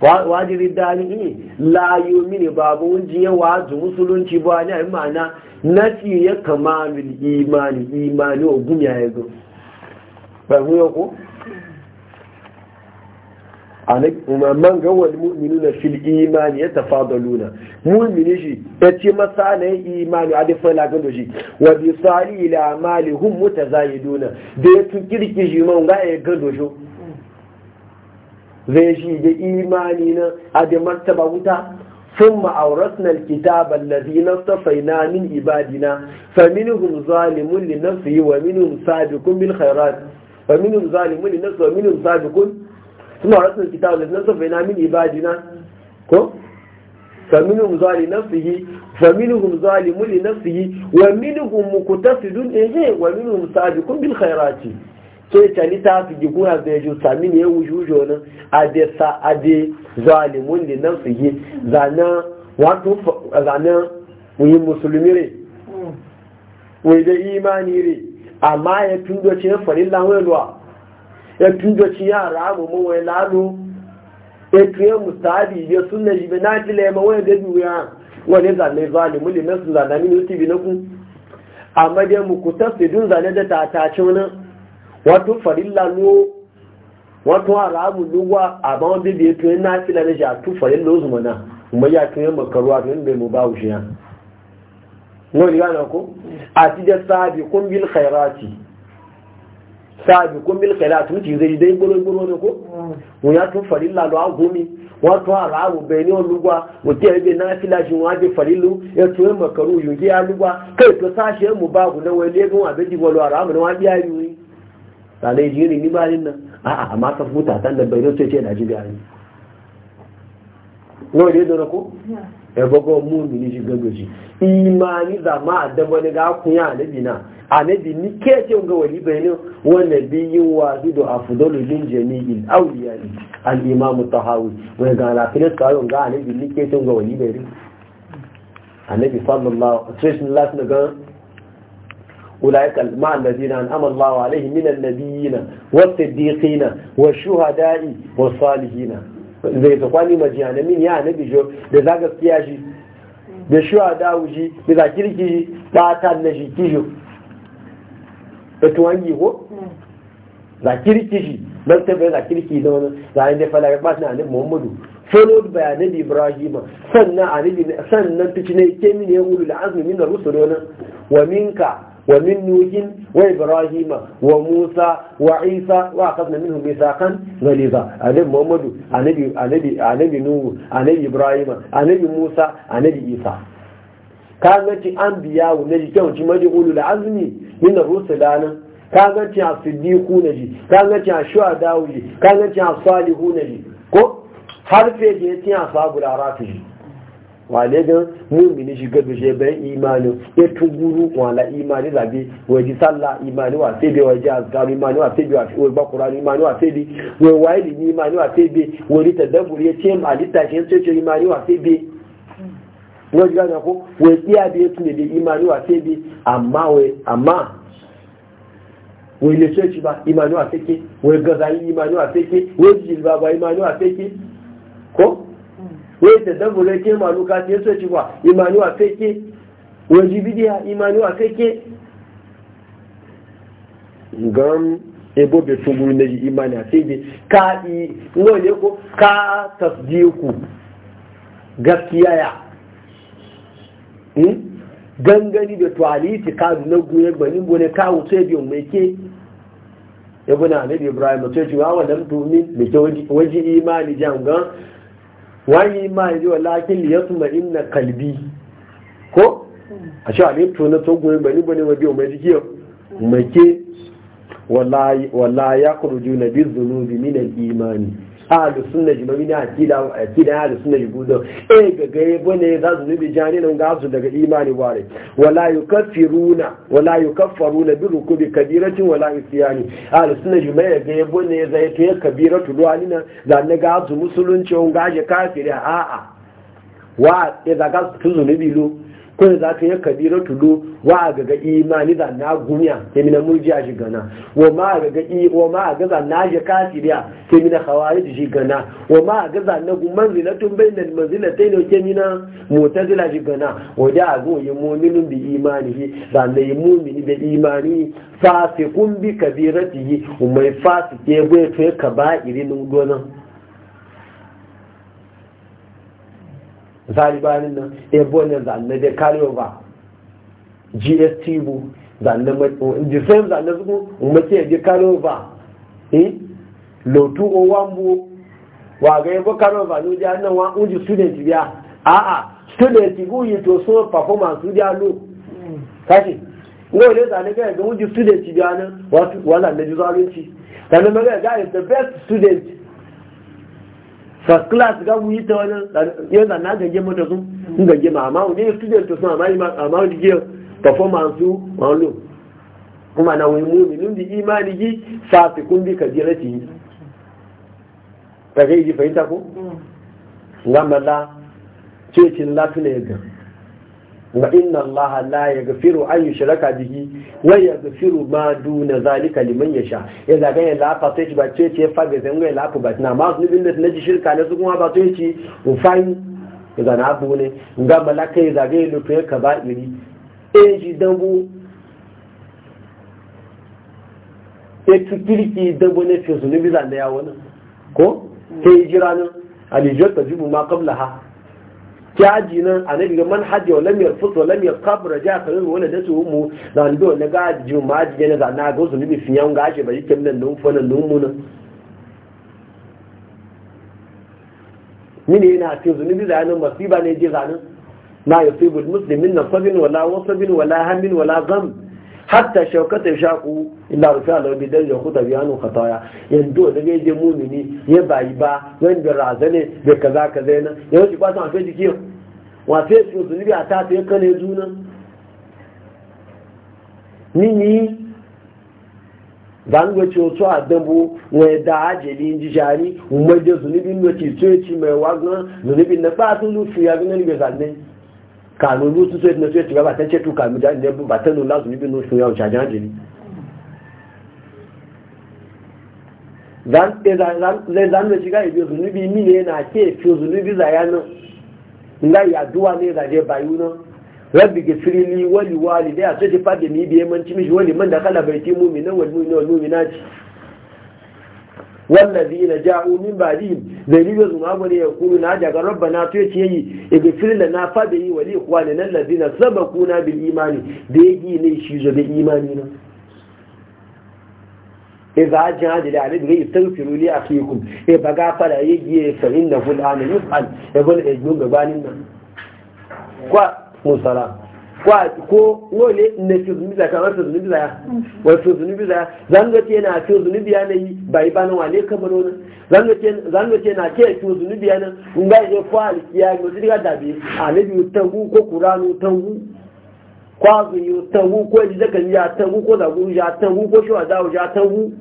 wajiri dani la mini babu wunjiye ya wazu musulunci ba ne ma'ana nafi ya mil imani imani ogun ya yago ba mu na umarman ga wal na fil imani ya tafa da luna. mu'mini shi ya ce masa yi imani a dafa lagun da shi wa bi sali ila amalihum duna. da ya kirki shi man ga ya gado shi zai shi da imani na a martaba wuta sun ma'auratun alkitab allazi na safai na min ibadina fa zalimun li wa bil khairat fa minhum zalimun li nafsihi wa sun na safai na min ibadina ko fa minhum zalimun nafsihi so ya cani ta su gi kuna da ju sami ne wuju wuce wani a de sa a zalimun da nan su yi zanen wato zanen wuyin musulmi re wai da imani re amma ya tundoci na farilla wailuwa ya tundoci yara mu mawai lalu ya tuye mustabi ya suna jibe na tile ma wani da duya wani zane zalimun da nan su zanen min yuti bi na ku amma dai mu ku dun zane da tatacin nan wọ́n tún fàrílà ló wọ́n tún àràmù ló wà àbáwọn bíbí a iná sílẹ̀ ní àtún fàrílà ó zùmọ̀ náà mọ̀ yá tún yẹn mọ̀kàrú àti ń bẹ mọ̀ bá òṣè yẹn wọ́n rí ránà kó àti jẹ́ sáàbì bí sáàbì bí ń ti rí dé gbólógbóló ní kó wọ́n yá tún fàrílà lọ àgómi wọ́n tún àràmù bẹ̀ ní olúwa òtí ẹgbẹ́ náà sílẹ̀ ṣe wọ́n á dé fàrílù ètò yẹn mọ̀kàrú yòókì alúwa kéèkó sáà ṣe é náà tsanai jiri ni bayan nan a'a amma ka futa tan da bai rasu ce da ji no ne da ko e gogo mu ni ji gogo ji imani da ma da ga ku ya nabi na anabi ni ke ce ga wali bayan wannan biyi wa zido afdalu lil jami'il awliya al imam tahawi wa ga la fil qawl ga anabi ni ke ce ga wali sallallahu alaihi wasallam أولئك مع الذين أنعم الله عليهم من النبيين والصديقين والشهداء والصالحين zai ta kwani majiyana min ya na bijo da za gaskiya shi da shuwa dawo shi da za kirki shi bata na shi kijo da tuwangi ko za kirki shi don tabbai za kirki da wani za a yi da falaga ba na annabi muhammadu followed by sannan annabi sannan ne ya da wa minka Wa min wajen wa Ibrahim wa Musa wa Isa ba a kafa Misa kan? Ngaliba anan Muhammadu anan Inugu anan Ibrahim Musa nabi Isa. Ka zan ci an biya wa milik kyau tun ma ta da azumi? Binta fursa da Ka zan ci a Sidiya kunadi? Ka zan a Shu'a Dawidi? Ka zan ci a Salihu kunadi? Ko harfe ne tun yana fargona arafel. wale gan mumini shiga dushe bayan imanin ya e tuguru wala imani zabe waje sallah imani wa sebe waje azkar imani wa sebe wa ba qur'an imani wa sebe wa waili imani wa sebe wani tadabbur ya e ce ma litta shi ce ce imani wa sebe waje ga ko wa tsiya bi ya e tune da imani wa sebe amma we amma wa ile ce ci ba imani wa seke wa gazali imani wa seke wa jilba ba imani wa seke ko wai da dabura ke maluka ta yaso ci ba imani wa kai ke waji bidiya imani wa kai ke Gan ebo be tunguru na ji imani a sai bi ka i wani ko ka tasdiku gaskiya ya hmm? gangani da tuwaliti ka e na goye gbanin bone ka wuce biyu mai ke yabuna annabi ibrahim sai e ci wa wa lam da ke waje imani gan. wani ma ya wa lakin ya suma inna kalbi ko a sha ne to na togo bani bane wa biyo mai jikiyar make wala ya kurju juna bi zunubi min imani A sunna jimami na akida akida ahlu sunna jubudo e eh, gaga e bane za su nubi jani nan ga su daga imani ware wala yukaffiruna wala yukaffaruna bi rukubi kabiratin wala isyani ahlu sunna jimami ga e bane za ya kabiratu duwalina za ne ga su musulunci on ga je kafiri a a wa e za ga su zunubi lo kun za ka yi Kabiru tulu, wa a gaga imani da na gumiya sai mina murjiya a shigana wa ma a gaga i wa ma a gaza na je kafiriya sai mina hawaye da shigana wa ma a gaza na gumman zilatun bai da manzilatai ne ke mina mota zila shigana wa da a zo yi muminin bi imani da na yi mumini da imani fasikun bi tihi umai fasike bai to ka ba irinin gonan zalibanin nan ebonin eh, zane da kariyo ba gst bu zanne oh, the same zane su umarci da kariyo eh lotu o wambu wa ga yi kariyo ba ni nan uji student biya a a student go yi to so performance dia lo kashi ngo le zanne ga ga uji student biya nan wa wa zanne zalunci zane maga ga is the best student first class ga mu yi ta wani yanzu na gaje mu sun sun gaje ma amma wani student sun amma yi amma wani ke performance su wani kuma na wani muminin da imani ji safi kun bi ka jira ci ta ga yi fahimta ko mm. ngamala cecin lafi na yaga ga inna Allah la yaghfiru an yushraka bihi wa yaghfiru ma duna zalika liman yasha ya zaga ya la fa sai ba ce ce fa ga zanga la fa ba na ma su bin da na ji shirka ne su kuma ba to yace u fai ga na abu ne ga malaka ya zaga ya lufe ka ba iri e ji dambu e tukirki dambu ne fi zunubi zanda ya wani ko sai jira nan ta jibu ma qablaha kyaji nan a nabi man hajji wa lamiyar yarfus wa lam yaqab raja kalin wala da su mu da ndo na ga ji ma ji ne zana ga wasu libi fiyan ga shi bai kyan nan dun fa nan dun nan mini yana cin zunubi da nan masiba ne ji zanen na yusibu muslimin sabin wala wasabin wala hamin wala gham hatta shaukata shaku illa rufa la don dan yahu biya nun khataya yanzu da ga je mumini ya bayi ba wanda razane da kaza zai nan ya wuce ba san fa jiki wa sai su zunubi a ta sai kane juna nini zango ci otu adabu wani da ajali ji jari umar da zunubin mace ci tsoci mai wagon zunubin na ba sun lufi ya ganin bai zanne kanunu su so na so tiba ba tan ce tu kanu da ne ba tan nuna su bibin su ya wuce jan jini zan e zan zan zan ne shiga ibi zunubi mi ne na ke fi rabbi li wali wali da ya so biye man wali man da kala wallazi na ja'u min ba'dihim zalibi zuma zuwa ya kulu na daga rabbana to yace yi igfir lana fa bi wa li ikhwanina allazina sabaquna bil imani da yi ne shi zo da imani na idza ajhadu li alayhi gai taghfiru li akhikum e baga fara yi fa innahu al yi yus'al e gol e gabanin nan kwa musala ko wale na fi zunubi zaka wata zunubi zaya wata zunubi zaya zanga ce na fi zunubi ya na yi ba yi bana wale kamar wani zanga ce na ke fi zunubi ya na in ga ya fa alkiya ga su diga dabe alibi tangu ko kuranu tangu kwazo yi tangu ko ji zaka ya tangu ko zaguru ya tangu ko shi wa dawo ya tangu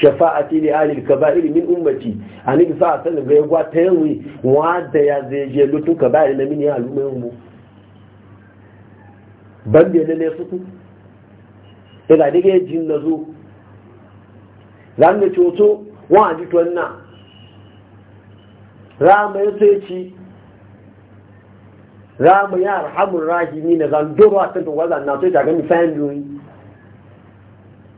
shafa'ati li ahli al-kaba'ir min ummati bi sa'a sallam ga yagwa ta yawi wanda ya zeje lutu kaba'ir na min ya al'umma mu ban da ne su ku ila dige jin nazo zan ga coto wa ji to na rama ya sai ci rama ya arhamur rahimin zan doro a tantan wazan na to ta ga mi fayin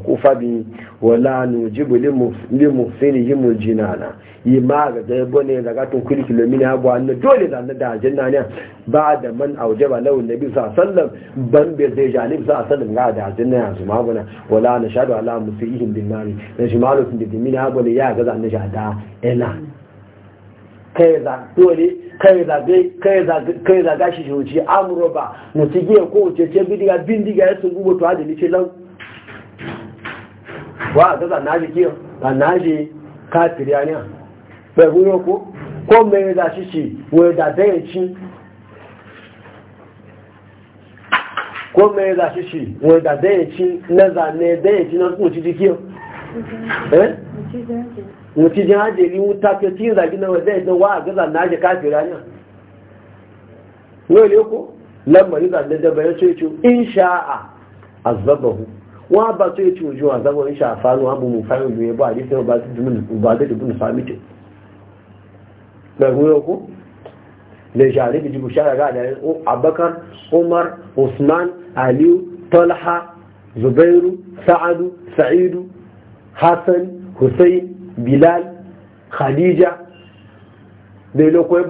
kufa bi wala nujibu limu sini yimu jinana yi ma ga da yabo da ga tun kuli kilomini abu na dole da na da na ne ba da man aujaba lau nabi sa sallam ban bai zai janib sa sallam ga da ajinna ya zuma bana wala na shaɗu ala musu ihin bin mari na shi malu sun didi mini abu ne ya ga za annu da ina kai za dole kai za kai za kai za gashi shi wuce amuro ba mutu ko wuce ce bindiga bindiga ya sun gubo to hadin ce lau wa ga zanaji kiyo zanaji kafiri anya pẹ̀lú yóò kó mẹ́rin dà ṣíṣì wọ́n dà dẹ́yìn tí da mẹ́rin dà ṣíṣì wọ́n dà dẹ́yìn tí lẹ́zà o wọ́n ti jẹ́ ájẹ́ rí wọ́n tàbí tí ìrìnàjí náà dẹ́yìn tí wọ́n àgbẹ́zà náà jẹ́ káàkiri anya lóòlé wa ba su yi ci wujewa zama in shafa nuwa abu mu fayin biyu ba a jisai ba da dubin samiti na goyo ku da shari da jibu shara ga da abakar umar usman aliyu talha zubairu sa'adu sa'idu hassan hussein bilal khadija zai lokoyin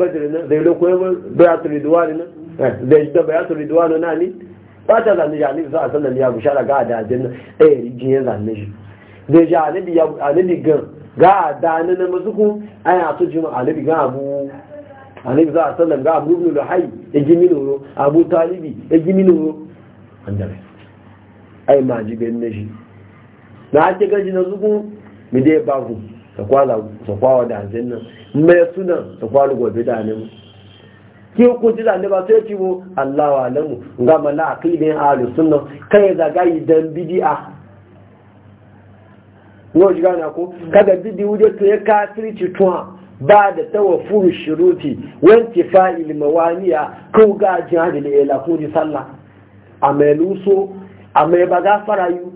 bayatul bayatul na ne fata zanne ya ne za sallan ya bushara ga da eh rijin zanne shi da ja ya ga ga da na musuku aya to jima alibi ga abu anabi za sallan ga abu ibn luhay ya gimi nuro abu talibi ya gimi nuro andare ai ma ji ben ne shi na ce gaji na zuku mi ba ku ta kwala ta kwawa da janna sunan ta kwalu gobe da ne mu ki hukunci ji zane sai ki mu Allahu lamu ga mala aqidin ahlus sunna kai zaga idan bid'a no ji gana ko kada bid'i wuje to ya kafirci tuwa ba da tawaffur shuruti wanti fa'il mawaniya ko ga jihadil ila ko sallah ameluso ameba gafara farayu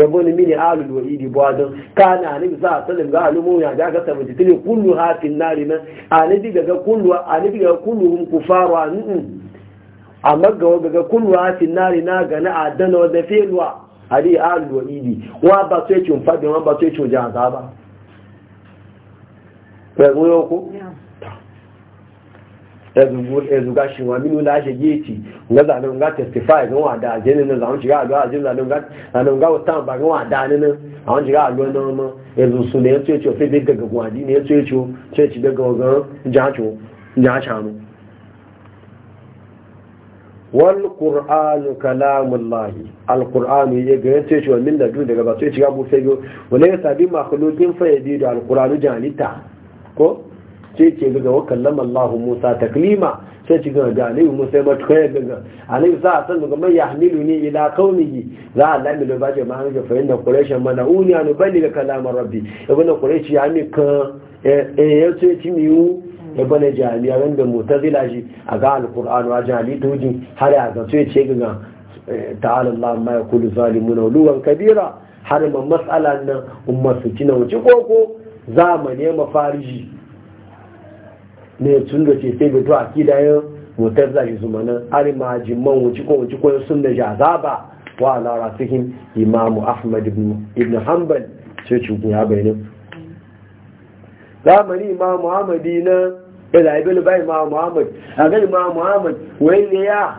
yabo ni mini alul wa'idi bwadon kana anabi sa sallam ga alumu ya da ga sabbi tili kullu ha nari nan anabi ga kullu anabi ga hum kufaru an mm, mm. amma ga ga kullu hafin nari na ga na adana da filwa hadi alul wa'idi wa ba sai cin fadi wa ba sai cin jaza ba ko ko ezuga shi wa minu la shi yeti nga za nan ga testify ga wa da jeni nan zamu shiga ga ajin nan ga nan ga wata ba ga wa ne. nan awon shiga alwa nan ma ezu su ne yace yace fe daga gwadi ne yace yace yace daga ga jacho ya chanu wal qur'anu kalamullah al qur'anu ya ga yace yace min da du daga ba sai shiga bu sai go wala ya sabi makhluqin fa yadidu al qur'anu janita ko sai ce daga wa kallama Allah Musa taklima sai ci ga da Alaihi Musa ya mutu kai daga Alaihi za a san daga mai yahmilu ni ila qaumihi za a lamilu da ce ma an ga fa'inda Quraysh mala'uni an bani ga kalamar Rabbi ibn Quraysh ya mi ka eh, eh ya ce ci mi wu ya bane jami'a ran da mutazila shi a ga alquran wa jami'a toji har ya ga sai ce ga eh, ta'ala Allah ma yaqulu zalimuna uluwan kabira har ma mas'alan nan umma su kina wuce koko zamane mafariji ne tun da ce sai to a kidayen motar zai su mana arima jimman wuci ko wuci ko sun da jazaba wa ala rasihim imamu ahmad ibn hanbal sai ci ya bayanin zamani imamu muhammadi na ya zaɓi bai imamu muhammad a ga imamu muhammad wani ne ya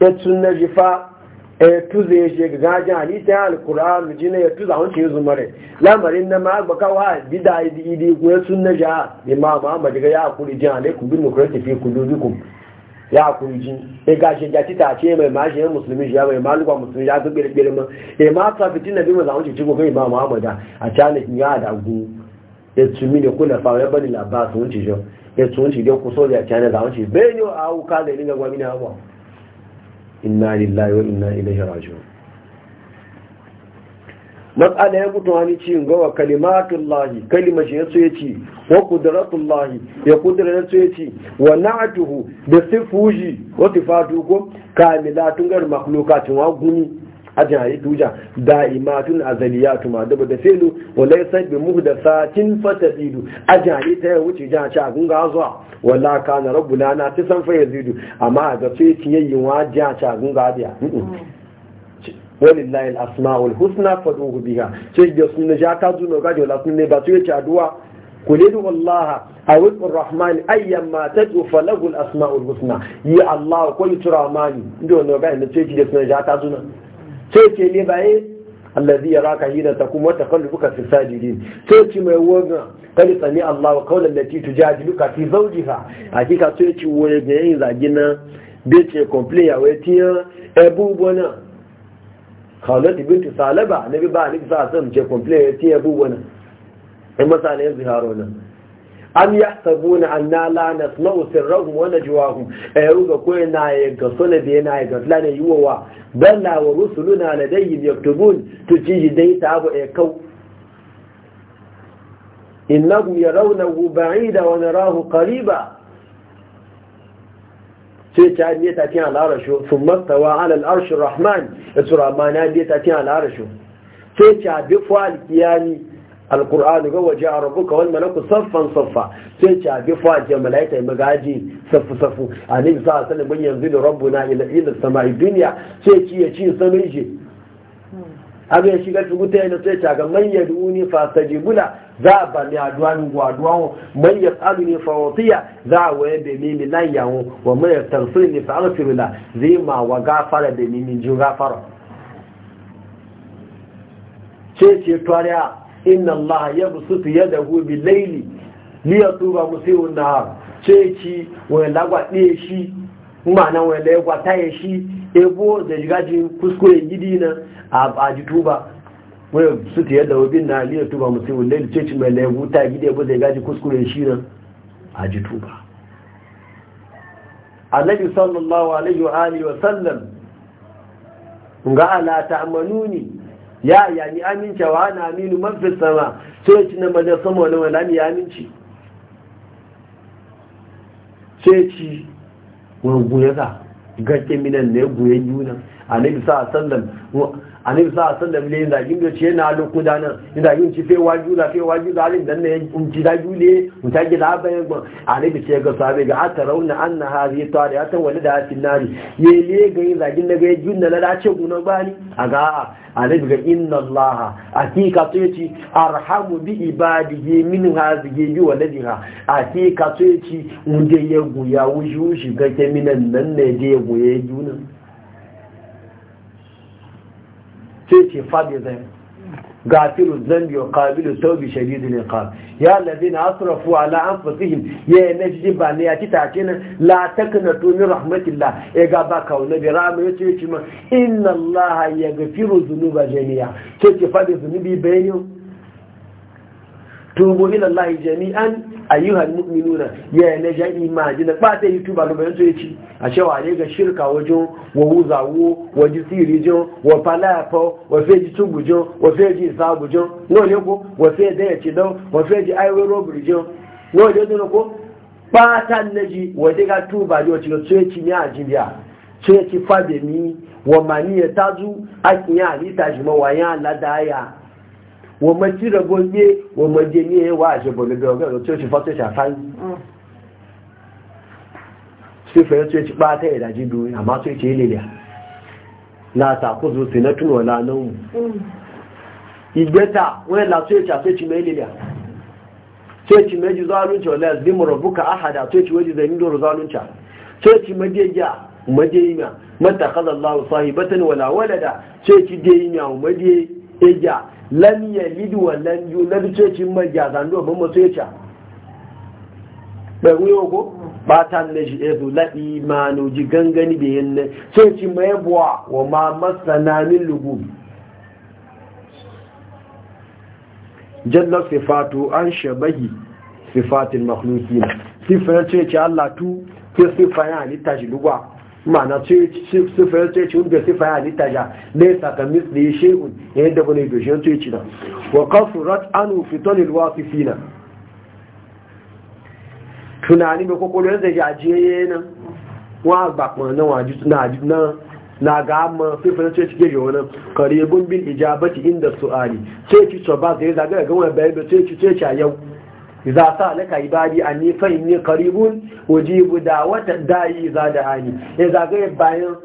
ya tun na jifa ya eh, tuza ya shiga gajin halitta ya alkur'an jina ya tuza wancan ya zumare lamarin na ma'agba kawa bida idi ko ya sunna ja imam ahmad ga ya kuri jin alaikum bin nukurati fi kulubikum ya kuri jin e ga shi ga tita ce mai mashi ya musulmi ya mai maluka musulmi ya ga birbir ma e ma ta fitina bi mazan wancan cigo kai imam ahmad a cana kin ya da gu ya e tumi ne kula fa ya bani labas wancan jo ya tumi da ku so ya cana da wancan bai yo a wuka da ni ga gwamina ba inna lillahi wa inna ilaihi raji'un matsala ya gudu wani ciyin gawa kalimatun lahi kalimashi ya so ya ci wa kuduratun lahi ya kudura ya so ya ci wa na'atuhu da sifuji wa sifatu ko kamilatun gar makhlukatun wa guni ajin hayi tuja azaliya azaliyatu ma da da felu walai sai bi muhdathatin fatadidu ajin hayi ta wuce jan ci a gunga zuwa wala kana rabbuna na ta san fa zidu amma ga sai tiyayin wa jan ci a gunga biya mm. walillahi al-asma'ul husna fad'uhu biha ce da sunna ja ka zuno ga jola sunne ba su yace wallaha. قل ادعوا الله او ادعوا الرحمن ايما تدعو فله الاسماء الحسنى يا الله كل ترى ماني ce ki da تشي دي سنه ta زونا sai ce ne baye allazi ka hina ta kalli taqallubuka fi sajidin sai ce mai wanga kada sami Allah wa qawlan lati luka fi zawjiha A sai ce wani da yayin zagi na bai ce complain ya wai tiya e na bona khalat bint salaba bi ba a ni sa san ce complain ya tiya ebu bona ai e masala yanzu haro nan أم يحسبون أننا لا نسمع سرهم ونجواهم أيوغا كوينا يقصون بينا يقصلان يووا بلا ورسلنا لديهم يكتبون تجيه ديتا أبو إيكو إنهم يرونه بعيدا ونراه قريبا سيتشا ديتا تيان العرش ثم استوى على العرش الرحمن سورة مانا ديتا تيان العرش سيتشا بفوالك يعني alkur'ani ga waje a rabuka kawai malaku saffan saffa sai ce a bifa a jiya malaita magaji saffu saffu a nemi sa a sanin ban yanzu da rabu na ila sama'i duniya sai ci ya ci sanin shi abin ya shiga tuguta yana sai ce ga manyan duni fasaji bula za a ba ni aduwa ni go aduwa manyan tsalu ne fawatiya za a waye da mimi nan yawon wa manyan tarsir ne fa'arfirula zai ma wa gafara da mimi jin gafara ce ce tuwariya inna Allah ya busutu ya dahu bi laili ni ya tuba musiwun na ce ci wani lagwa ɗaya shi ma'ana wani lagwa taya shi ebo da gajin kuskure gidi na a ji tuba wani sutu ya dahu bin na ni ya tuba musiwun laili ce ci mai lagwa ta gidi ebo da gajin kuskure shi na a ji tuba annabi sallallahu alaihi wa alihi wa sallam ga ala ta'manuni ya ya ni amince wa ana aminu man fi sama sai ci na majal sama wani wani ya aminci sai ci wani guya ka gaske minan ne guye yuna a nabi sa sallan. annabi sa san da bile da ce na loku da nan yin ci fe waju da fe waju da alin dan ne in ci da jule mu ta gida bayan ba bi ce ga sabe ga rauna anna hadhihi ta wala da fil nari ye le ga yin da ga jun da da ce guna bani aga annabi ga inna allah hakika to yace arhamu bi ibadihi min hadhihi bi waladiha hakika to yace unde ya guya wuju shi ga minan nan ne je guye junan sai ce faɗi zai gafiru zambi wa kabilu taubi shadidu ne ka ya lazi na asurafu ala an fasihim ya yi na jijin ba ne ya ci take nan la takna tuni rahmatillah ya e ga ba kawo na bi rama ya ce ma inna allaha ya gafiru zunuba jami'a sai ce faɗi zunubi bayani tubu ila Allah jami'an ayyuhal mu'minuna ya ne ja imaji na ba ta youtube ba bayan sai ci a cewa ne ga shirka wajen wa huzawo wa jisiri jo wa falafo wa feji tubu jo wa feji sabu jo no ne ko wa fe da ya ci don wa feji aiwe robbery jo no ne don ko ba ta naji wa daga tuba jo ci sai ci ne a jibiya sai ci fa da mi wa maniya tazu akiya ni tajima wa ya ladaya wọ́n mọ tí rẹ̀gbọ́n yé wọ́n mọ jẹ ní ẹwà àṣẹbọ̀ lẹ́gbẹ̀ẹ́ ọgbẹ́ ọ̀rọ̀ tí ó ti fọ́tẹ̀ ṣàfáyé tí fẹ́ tí ó ti pàtẹ́ ìdájí dúró àmá tó ti ilẹ̀ látàkóso sinatun wọ̀lá náà ìgbẹ́ta wọ́n là tó ti àtẹ́tì mẹ́lẹ̀ tó ti mẹ́jì zọ́lùnchà ọ̀lẹ́ zimọ̀rọ̀ búkà áhàdà tó ti wẹ́jì zẹ̀ nílò zọ́lùnchà tó ti mẹ́jẹ̀yà mẹ́jẹ̀yà mẹ́tàkàlá lam yalid wa lam yulad ce cin magiya zando ban masu sai ta bai wuyo ko ba ta ne shi ezu eh, laɗi ma ji gangani da nan ce cin mai buwa wa ma masana min lugu jalla sifatu an shabahi sifatil makhluqin sifar ce ce Allah tu ke sifar ya halitta shi lugwa ma'ana sufayar tsoyaci wanda ya halitta ja ne sakamis da ya shehu yadda bane ya tsoyaci na wa kasu rat anu fitonil fi fina tunani mai kwakwalwar ya yi nan wa bakman na waji na na ga amma sufayar tsoyaci ke jiwo nan karibun bin ijabati inda su'ali tsoyaci so ba zai zagaya ga wani bayan da tsoyaci ci a yau za sa laka ibadi a nifan yi karibun wajibu da wata dayi za da hani ya zagaye bayan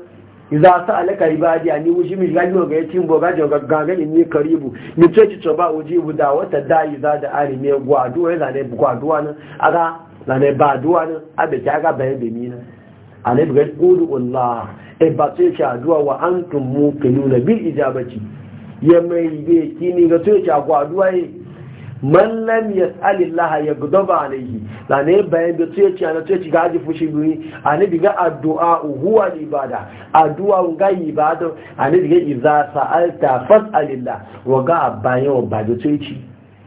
za sa laka ibadi a nifan shi mai gani ga yakin boga jan gagagen yi ne karibu mutu ci ba wajibu da wata dayi za da hani ne gwaduwa ya zane gwaduwa nan a ga zane ba duwa nan a da bayan da nina a ne bugar kudu Allah e ba ce ki addu'a wa antum muqinuna bil ijabati ya mai be kini ga to ki addu'a yi man lam ya yaghdabu alayhi la ne bayan da tuye ci ana tuye ci gaji fushi guri ani diga addu'a huwa ibada addu'a ga ibada ani diga idza sa'alta fas'alillah wa ga bayan ba da tuye ci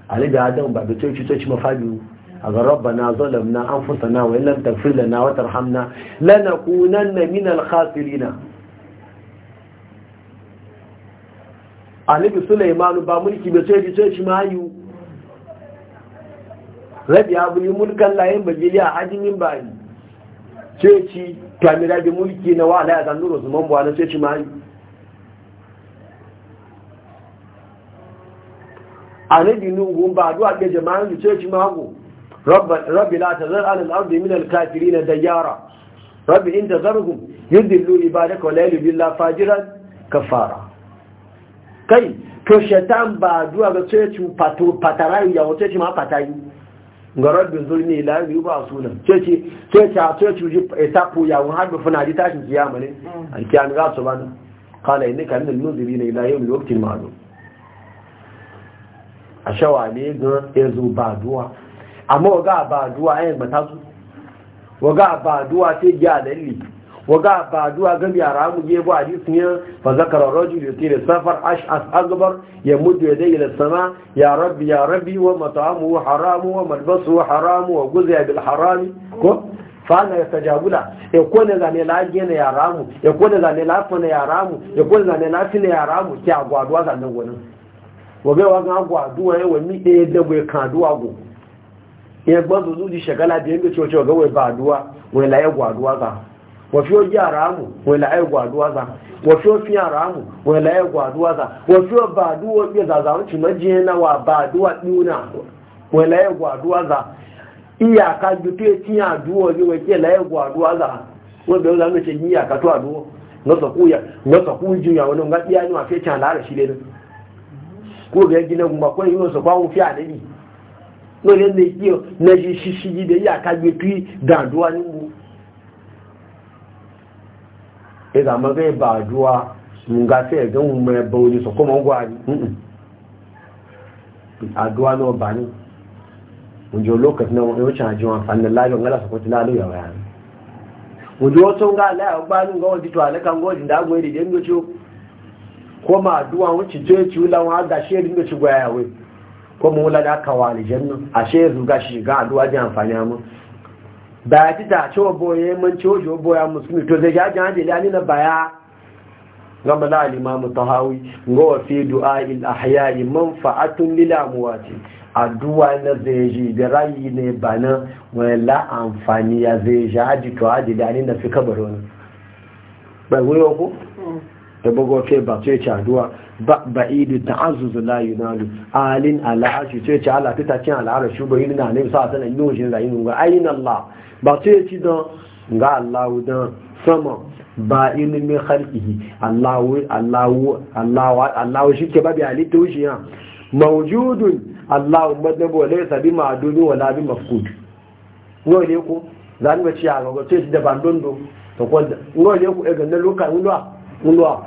ani da adam ba da tuye ci tuye ci mafadi aga rabbana zalamna anfusana wa illam taghfir lana wa tarhamna lanakunanna minal khasirin Anibi Sulaimanu ba mulki bai sai ji sai shi mayu rabi ya yi mulkan layin bagili a hajjimin bari sai ci kamira da mulki na wa ya zannu rozuman buwa na sai ci mayu a rabi nuhun ba duwa ke jama'in da sai ci mago rabbi la ta zar alal ardi min alkafiri na dayyara rabi in ta zarhum yudillu ba da la yalidu illa fajiran kafara kai to shaitan ba duwa ga sai ci patarayi ya wace ci ma patayi ga rabin zulmi la yi ba su nan ce ce ce ce a ce cuji ta koya wani harbi funa ji tashin kiyama ne mm. alkiyami za su ba nan kala yi nika nil nuziri na ilayen lokacin ma'azu a shawa ne ga ya zo ba duwa amma waga ba duwa yan ba ta su waga ba duwa sai gya lalli waga ba duwa gami a ramu je bu hadisin ya fa zakara rajul da safar ash as akbar ya mudu yadayhi ila sama ya rabbi ya rabi wa mat'amuhu haramu wa malbasuhu haramu wa guziya bil harami ko fana ya tajabula ya kone zane laje na ya ramu ya kone zane lafa na ya ramu ya kone zane lafi na ya ramu ki agwaduwa zanen wani. wabe wa ga agwaduwa ya wani ɗaya dagwai kaduwa go ya gbazu zuji shagala biyan da cewa ga wai ba aduwa wai laye gwaduwa za. wafi oji aramu wela ayi gwaduwaza wafi ofi aramu wela ayi gwaduwaza za o baduwa bi zaza wuce majiye na wa baduwa duna wela ayi gwaduwaza iyaka jutu eti aduwa bi wake la ayi gwaduwaza wọn bẹ̀rẹ̀ lánàá ṣe yí iyaka tó aduwa lọ́sọ̀kú ju ìyàwó náà ngájí ayé wọn fẹ́ tí a lára sí lẹ́nu kúrò rẹ̀ jiná gbogbo akọ́ yìí wọ́n sọ̀kọ́ àwọn fi àdébì lórí ẹni tí ó nẹ́jì ṣíṣí jíde yíyàká gbé tí ni mu? ya zama zai ba duwa mun ga sai ga mun mai bauni so kuma gwani aduwa no bani mun jo lokacin nan wani cin ajin amfani lafiya ngala so ko tilalo ya waya mun jo so ga la ba nun ga wadi to ala kan godi da goyi da ndo ciwo ko ma aduwa wuce ce ci la wa ga she dinga ci gwaya we ko mu la da kawali jannu ashe zuga shi ga aduwa jin amfani mu ba ji ta cewa boye mun ci wajen boya musulmi to zai shaji hajji da ni na baya ga mala alimamu ta hawi ga fi du'a il ahyayi manfa'atun lil amwati addu'a na zai ji da rayu ne bana wala amfani ya zai shaji to hajji da ni na fi kabaro ne ba wuyo ko mm. da bugo ke ba ce ci addu'a ba'idu ta'azzuzu la yunalu alin ala ce ce ala fita cin ala arshi ba na ne sa sanan yi shin rayu ga ayin Allah ba ce ci don ga allahu dan sama ba ilimin khalqihi halkihi allahu shi ke babi halitta shi ya mawjudun allahu madabu wa laysa bi wala bi mafqud ngo ne ku zan ba ci a e ga da ne na lokacin ruwa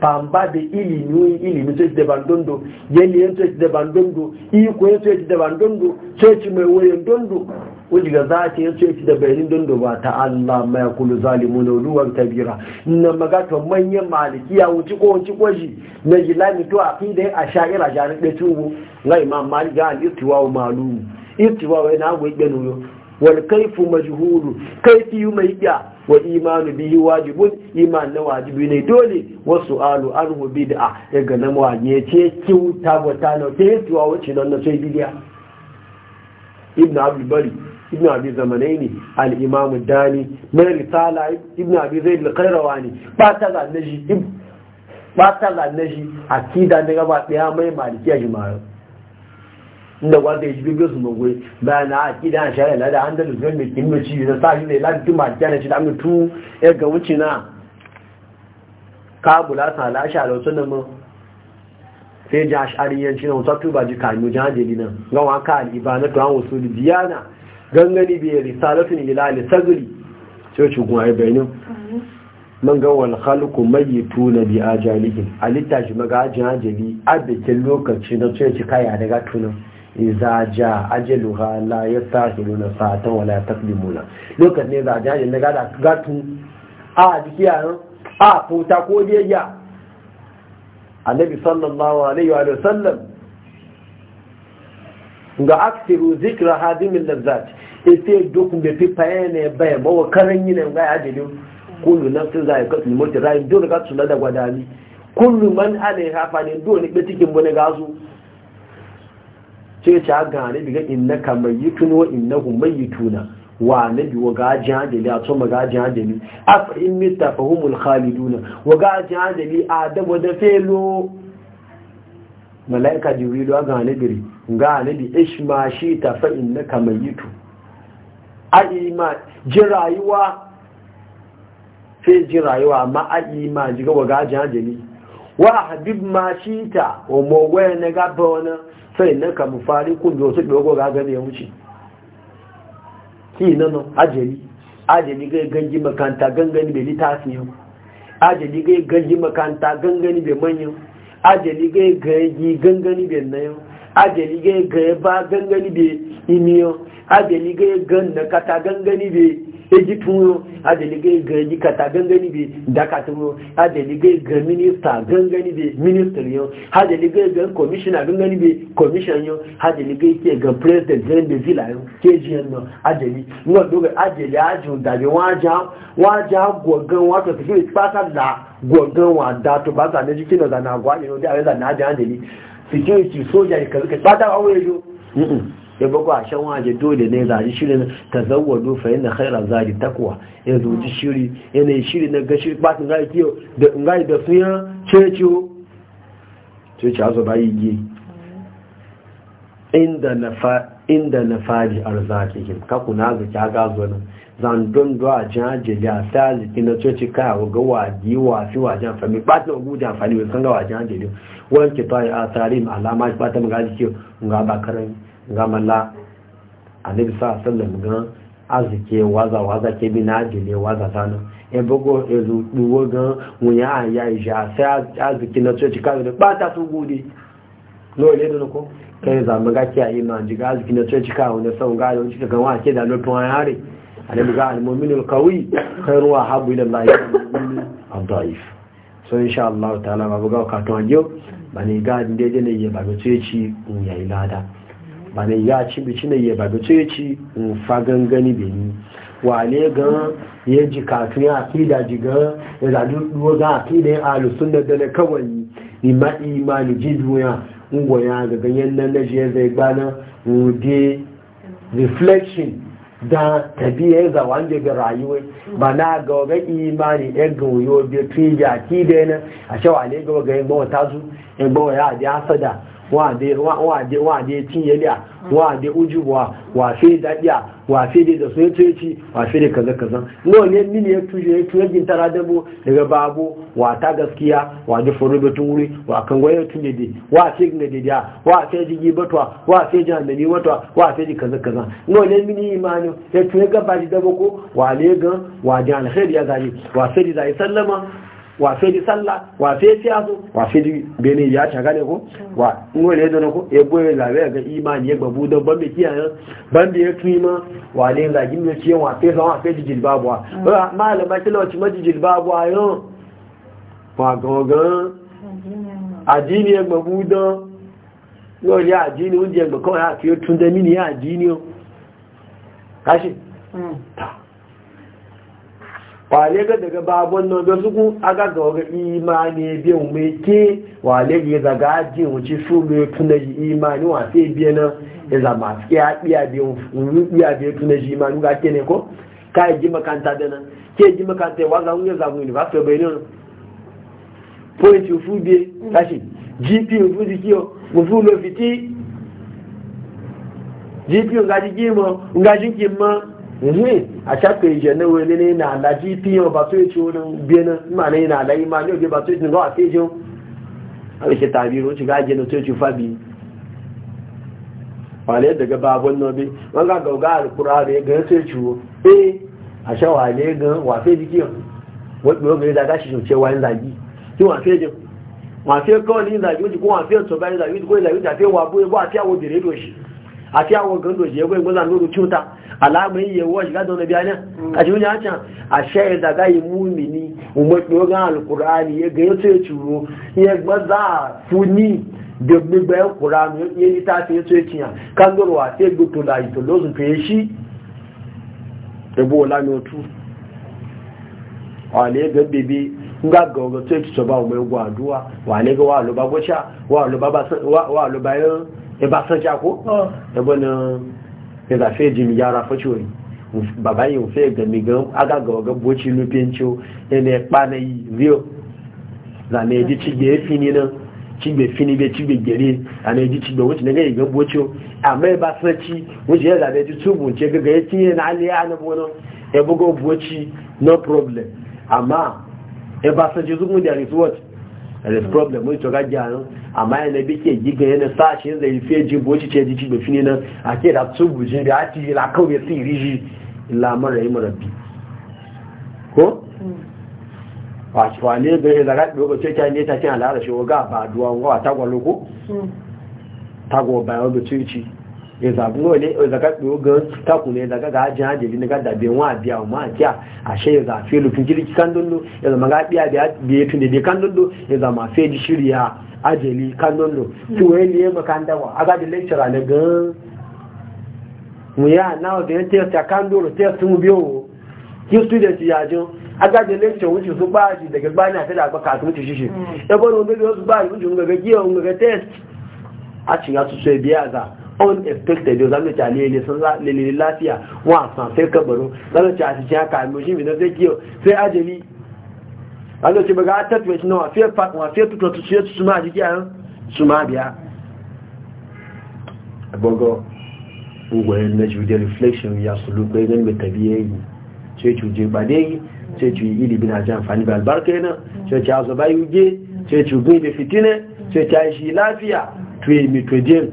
pamba ili ilimi ilimi sai da bandondo yeli yanzu sai da bandondo iko yanzu sai da bandondo sai mai wayan dondo wuji ga za ta yanzu sai da ba ta Allah ma yakulu zalimun uluwan kabira na magato manyan malikiya wuci ko wuci kwaji na jilani to aqida a sha'ira jarin da tubu la imam malik ga al-istiwa ma'lum istiwa wa ina go igbe nuyo wal kayfu majhulu kayfi yumayya wa imanu bihi wajibun iman na wajibi ne dole wasu alu anhu bid'a daga nan waje ce kiuta ta na ce tuwa wacce nan na sai bidiya ibn abdul bari ibn abu zamanai ne, al'imamu dani mai risala ibn zai zaid Kairawa ne. ba ta zane shi ba ta ga naji akida daga ba ɗaya mai malikiya jima'a inda wanda ya ji bibiyar su mugwe ba na aki da an shari'a lada an da lufin mai kimmi ci da sa shi zai ladi tun ba kyana shi da an tu ya ga wuce na kabula sa lashe a lausun nan mu sai ji ashariyanci na wutattu ba ji kanu jeli nan gawa ka al'iba na tuwan wasu na gangani biyar risalatun ila lissagiri sai ci kuma ibanin man ga wal khalqu tuna bi ajalihim alitta shi maga ajali a bikin lokaci na sai ci kaya daga tunan iza ja ajaluha la yastahiluna satan wala na. lokacin ne za ja ne gada gatu a dikiya a fota ko deja annabi sallallahu alaihi wa sallam ga aksiru zikra hadimin lazzat ite dukun da fi payene bai bawa karan yi nan ga ajali kullu nafsin za'iqatul maut rayin dole ka tsula da gwadani kullu man alaiha fa ne dole ɓe cikin bane gazu sai ta ga ne biga inna mai yi tuno inna mai yi tuna wa na bi wa gajin hajjali a tsoma gajin hajjali a fa'in mita fahimul khaliduna wa gajin hajjali a dabo da felo mala'ika jibrilu a ga hanabiri ga hanabi ishma shi ta fa'in na kamar yi tu a ima ji rayuwa sai ji rayuwa amma a ima ji ga wa gajin hajjali wa habib ma shi ta wa mawaya na gaba wani sai nan ka mu fari kun da wasu dogo ga gane ya wuce ki nan ajali ajali ga ganji makanta gangani bai litafi yau ajali ga ganji makanta gangani bai manyan ajali ga ganji gangani bai nayo ajali ga ba gangani bai imiyo ajali ga gan na kata gangani bai eji tuyo adeligai ga jikata gangani be dakatuyo adeligai ga minista gangani be minister a adeligai ga commissioner gangani be commission yo adeligai ke ga president gangani be villa yo ke jiyan no adeli ngo doga adeli aju dabi waja waja gwogan wato tafi pasa da gwogan wa da to ba za ne jikin da na gwa ne da ayi da na adeli security soja ne kaza ka fata aure yo ya bako a shan waje dole ne zaji shirin ta zawwado fa yana khaira zaji takwa ya zoji shiri yana shiri na ga shiri batin ga kiyo da ngai da suya ceciyo to ci azo bayi gi inda nafa inda nafaji arzakikin ka kuna ga ka ga zo nan zan don do a jan jeli a tsali kina to ka wa ga waji wa fi wa jan fami batin ogu jan fami san ga wa jan jeli wanke tayi a tarim alama batin ga kiyo nga ba gamala annabi sa sallam gan azike waza waza ke bi na ajile waza tana e bogo e zu duwo gan wunya aya ija sai azike na tsoci ka da bata su gudi no ile da ko kai za mu ga ki ayi ma ji ga azike na tsoci ka wanda sau ga yau cika gan wa ke da lotun yare annabi ga almu'minul qawi khairu wa habu ila allahi ad-da'if so insha Allah ta'ala ba ga ka to anjo bani ga inde ne ya ba tsoci in yayi lada bana ya ci bici na ba da ce ci in fa gangani da ni ne ga ya ji a fi da ji gan ya zaɗi ruwa ga da ya alu sunna da na kawai ima imani ji duniya ngwa ya ga ganyen nan na je zai gbana wude reflection da tabiya ya zawa an jirgin rayuwa ba na ga ga imani ya ga wuyo bi tun ya akida na a cewa ne ga ga yan bawa tazu yan bawa ya da wade tinyeliya wade ujubuwa wafe daɗiya wafe dai da wa wafe da kaza-kaza nawa ne mini ya tuje ya tuye jin tara dabo daga babu wata gaskiya wade faru batun wuri wa kan tun da dai wafe gina daidiya wafe jigi batwa wafe jami'ani wa wafe da kaza-kaza nawa ne mini imani ya tuye gaba ji dabo ko wale gan wajen alheri ya zari wafe da zai sallama Wa fe di sallah wafe fiyasu wafe di bene ya ta gane ko wa ngole ne don ko e boye la we ga imani ya babu don bambe kiyaye bambe ya kima wa ne la gimme ciyen wafe sa wafe di jilbabu wa ma ba malama kilo ci maji jilbabu ayo wa gogan adini ya babu don ngole ya adini unje ga ko ya ki tun da mini ya adini kashi mm. ta wale ga daga babon nan ga suku aga ga ga imani bi meke wale ga daga ji su ga tuna ji imani wa sai bi na ya zama ya biya bi mu biya bi tuna ji imani ga kene ko kai ji makanta da nan ke ji makanta wa ga mu ya zamu ni ba bai point fu bi tashi gp fu dikiyo mu lo fiti gp ngaji gimo ngaji kimma ne a shafe je na ne na ala gp ba to yace wurin benin ma ne na ala ima ne ba to yace ga ase je a yake tabiro ci ga je to yace fabi wale daga babon nobe wọn ga gauga kura da ya ga to yace wo eh a sha wale ga wafe dikiyo yi gbé dáadáa ṣe ṣe wà ń làyí tí wọ́n fẹ́ jẹun wọ́n fẹ́ kọ́ ní ìlàyí ó ti kó wọ́n fẹ́ sọ̀bá wani ó ti kó ìlàyí ó ti àfẹ́ wà bó ẹgbọ́ àti àwọn obìnrin Mm. àti àwọn gọ́ndò ṣe ẹgbẹ́ ìgbọ́nà lórí tíúta aláàmì ìyẹ̀wọ́ ṣìgádọ́ ọ̀nà bí i a oúnjẹ àti àṣẹ ìdàgá ìmú mi ní ọmọ ìpín ọgá alùkùrá ní ẹgbẹ́ tó ètùrò ìyẹgbọ́nà fún ní gbẹgbẹgbẹ ọkùnrà ní yẹ́ni tá a fi ètò ìtìyàn kángọ́rọ̀ àti ẹgbẹ́tò láìtò lóṣù pé é ṣí ẹgbẹ́ ọ̀la ní ọtú ọ̀lẹ́ ẹgbẹ́ bèbè ńgá gọ̀ọ̀gọ̀ tó ètùtọ̀ bá ọmọ ẹgbẹ́ àdúrà wà lẹ́gbẹ́ wà lọ́ba wa wà lọ́ba ẹ̀rọ e ba san jako e bana e da fe jimi yara faci wani baba yi fe ga mi gan aga ga ga boci lupin ciwo e ne pa na yi rio na ne ji ci ge fini na, ci be fini be ci be gere a ne ji ci be wuce ne ga yi ga boci amma e ba san ci wuce ya zabe ji tubun ce ga ga ya cinye na aliya na bono e bugo boci no problem amma e ba san ji zugun da resort da problem mun tsoga gyaran amma yana sa shi, yana sashen zai fiye jin boci ce jiki bai fini na a ke da tsubu je da ati la kawai la riji lamar rayi marabbi ko wa shi ne ga da ga dogo ce kan ne ta kin alara shi ga ba duwan wa tagwalo ko tagwo bayan da cici ìzàgúnlò ilé ìzàgápẹ̀ ogun takùnlẹ̀ ìzàgága ajiyar ajiyar ní gádà bí àbí àwọn máa a àṣẹ ìzàfẹ́ olùfin jírí kándọ́ndọ́ ìzàmàgá bí i ètò dédé kándọ́ndọ́ ìzàmàfẹ́ di ṣírí ajiyar kándọ́ndọ́ tí wọ́n lè makandawa agadi lẹ́kṣọ́rà lẹ gan mu yá náà obìnrin tẹ́ẹ̀tì kándọ́rọ̀ tẹ́ẹ̀tì mú bí òwò kí student yàjọ agadi lẹ́kṣọ́ wọ́n ti sún báyìí daga báyìí àti àgbà kàtún ti ṣiṣẹ́ ẹgbọ́n wọn bẹ́ẹ̀ wọ́n sún báyìí wọ́n ti sún gẹ̀gẹ́ kí ọ̀hún gẹ̀gẹ́ tẹ́ẹ̀tì tuntun ẹ̀bí àgbà unexpected yau zamu ci alele sun lalili lafiya wa san sai kabarin zamu ci a cikin haka mu shi mina sai kiyo sai ajali zamu ci baga ta tuwe shi nawa fiye fat wa fiye tuto su su su ma jiki an su ma biya gogo ngwayen na jude reflection ya sulu ko idan mai tabiyayi sai cuje ba dai sai ci ilimin a jan fani ba albarka yana sai ci azo yi je sai ci gbe fitina sai ci shi lafiya tuye mi tuye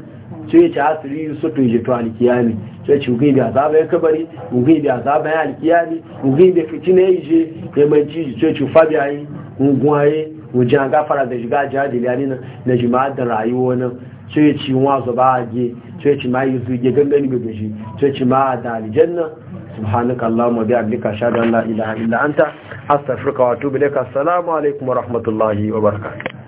sai ya asiri su to ji to alkiyami sai ci ugai da azaba ya kabari ugai da azaba ya alkiyami ugai da fitina ya je ya mai ci sai ci fabi ayi ungwaye wajen gafara da shiga jihadi ya nina na jima'a da rayuwa na sai ya ci wazo ba a je sai ci ma yi zuge gangani bai gashi sai ci ma da aljanna subhanaka allahumma bi abdika shadu an la ilaha illa anta astaghfiruka wa atubu ilaika assalamu alaikum wa rahmatullahi wa barakatuh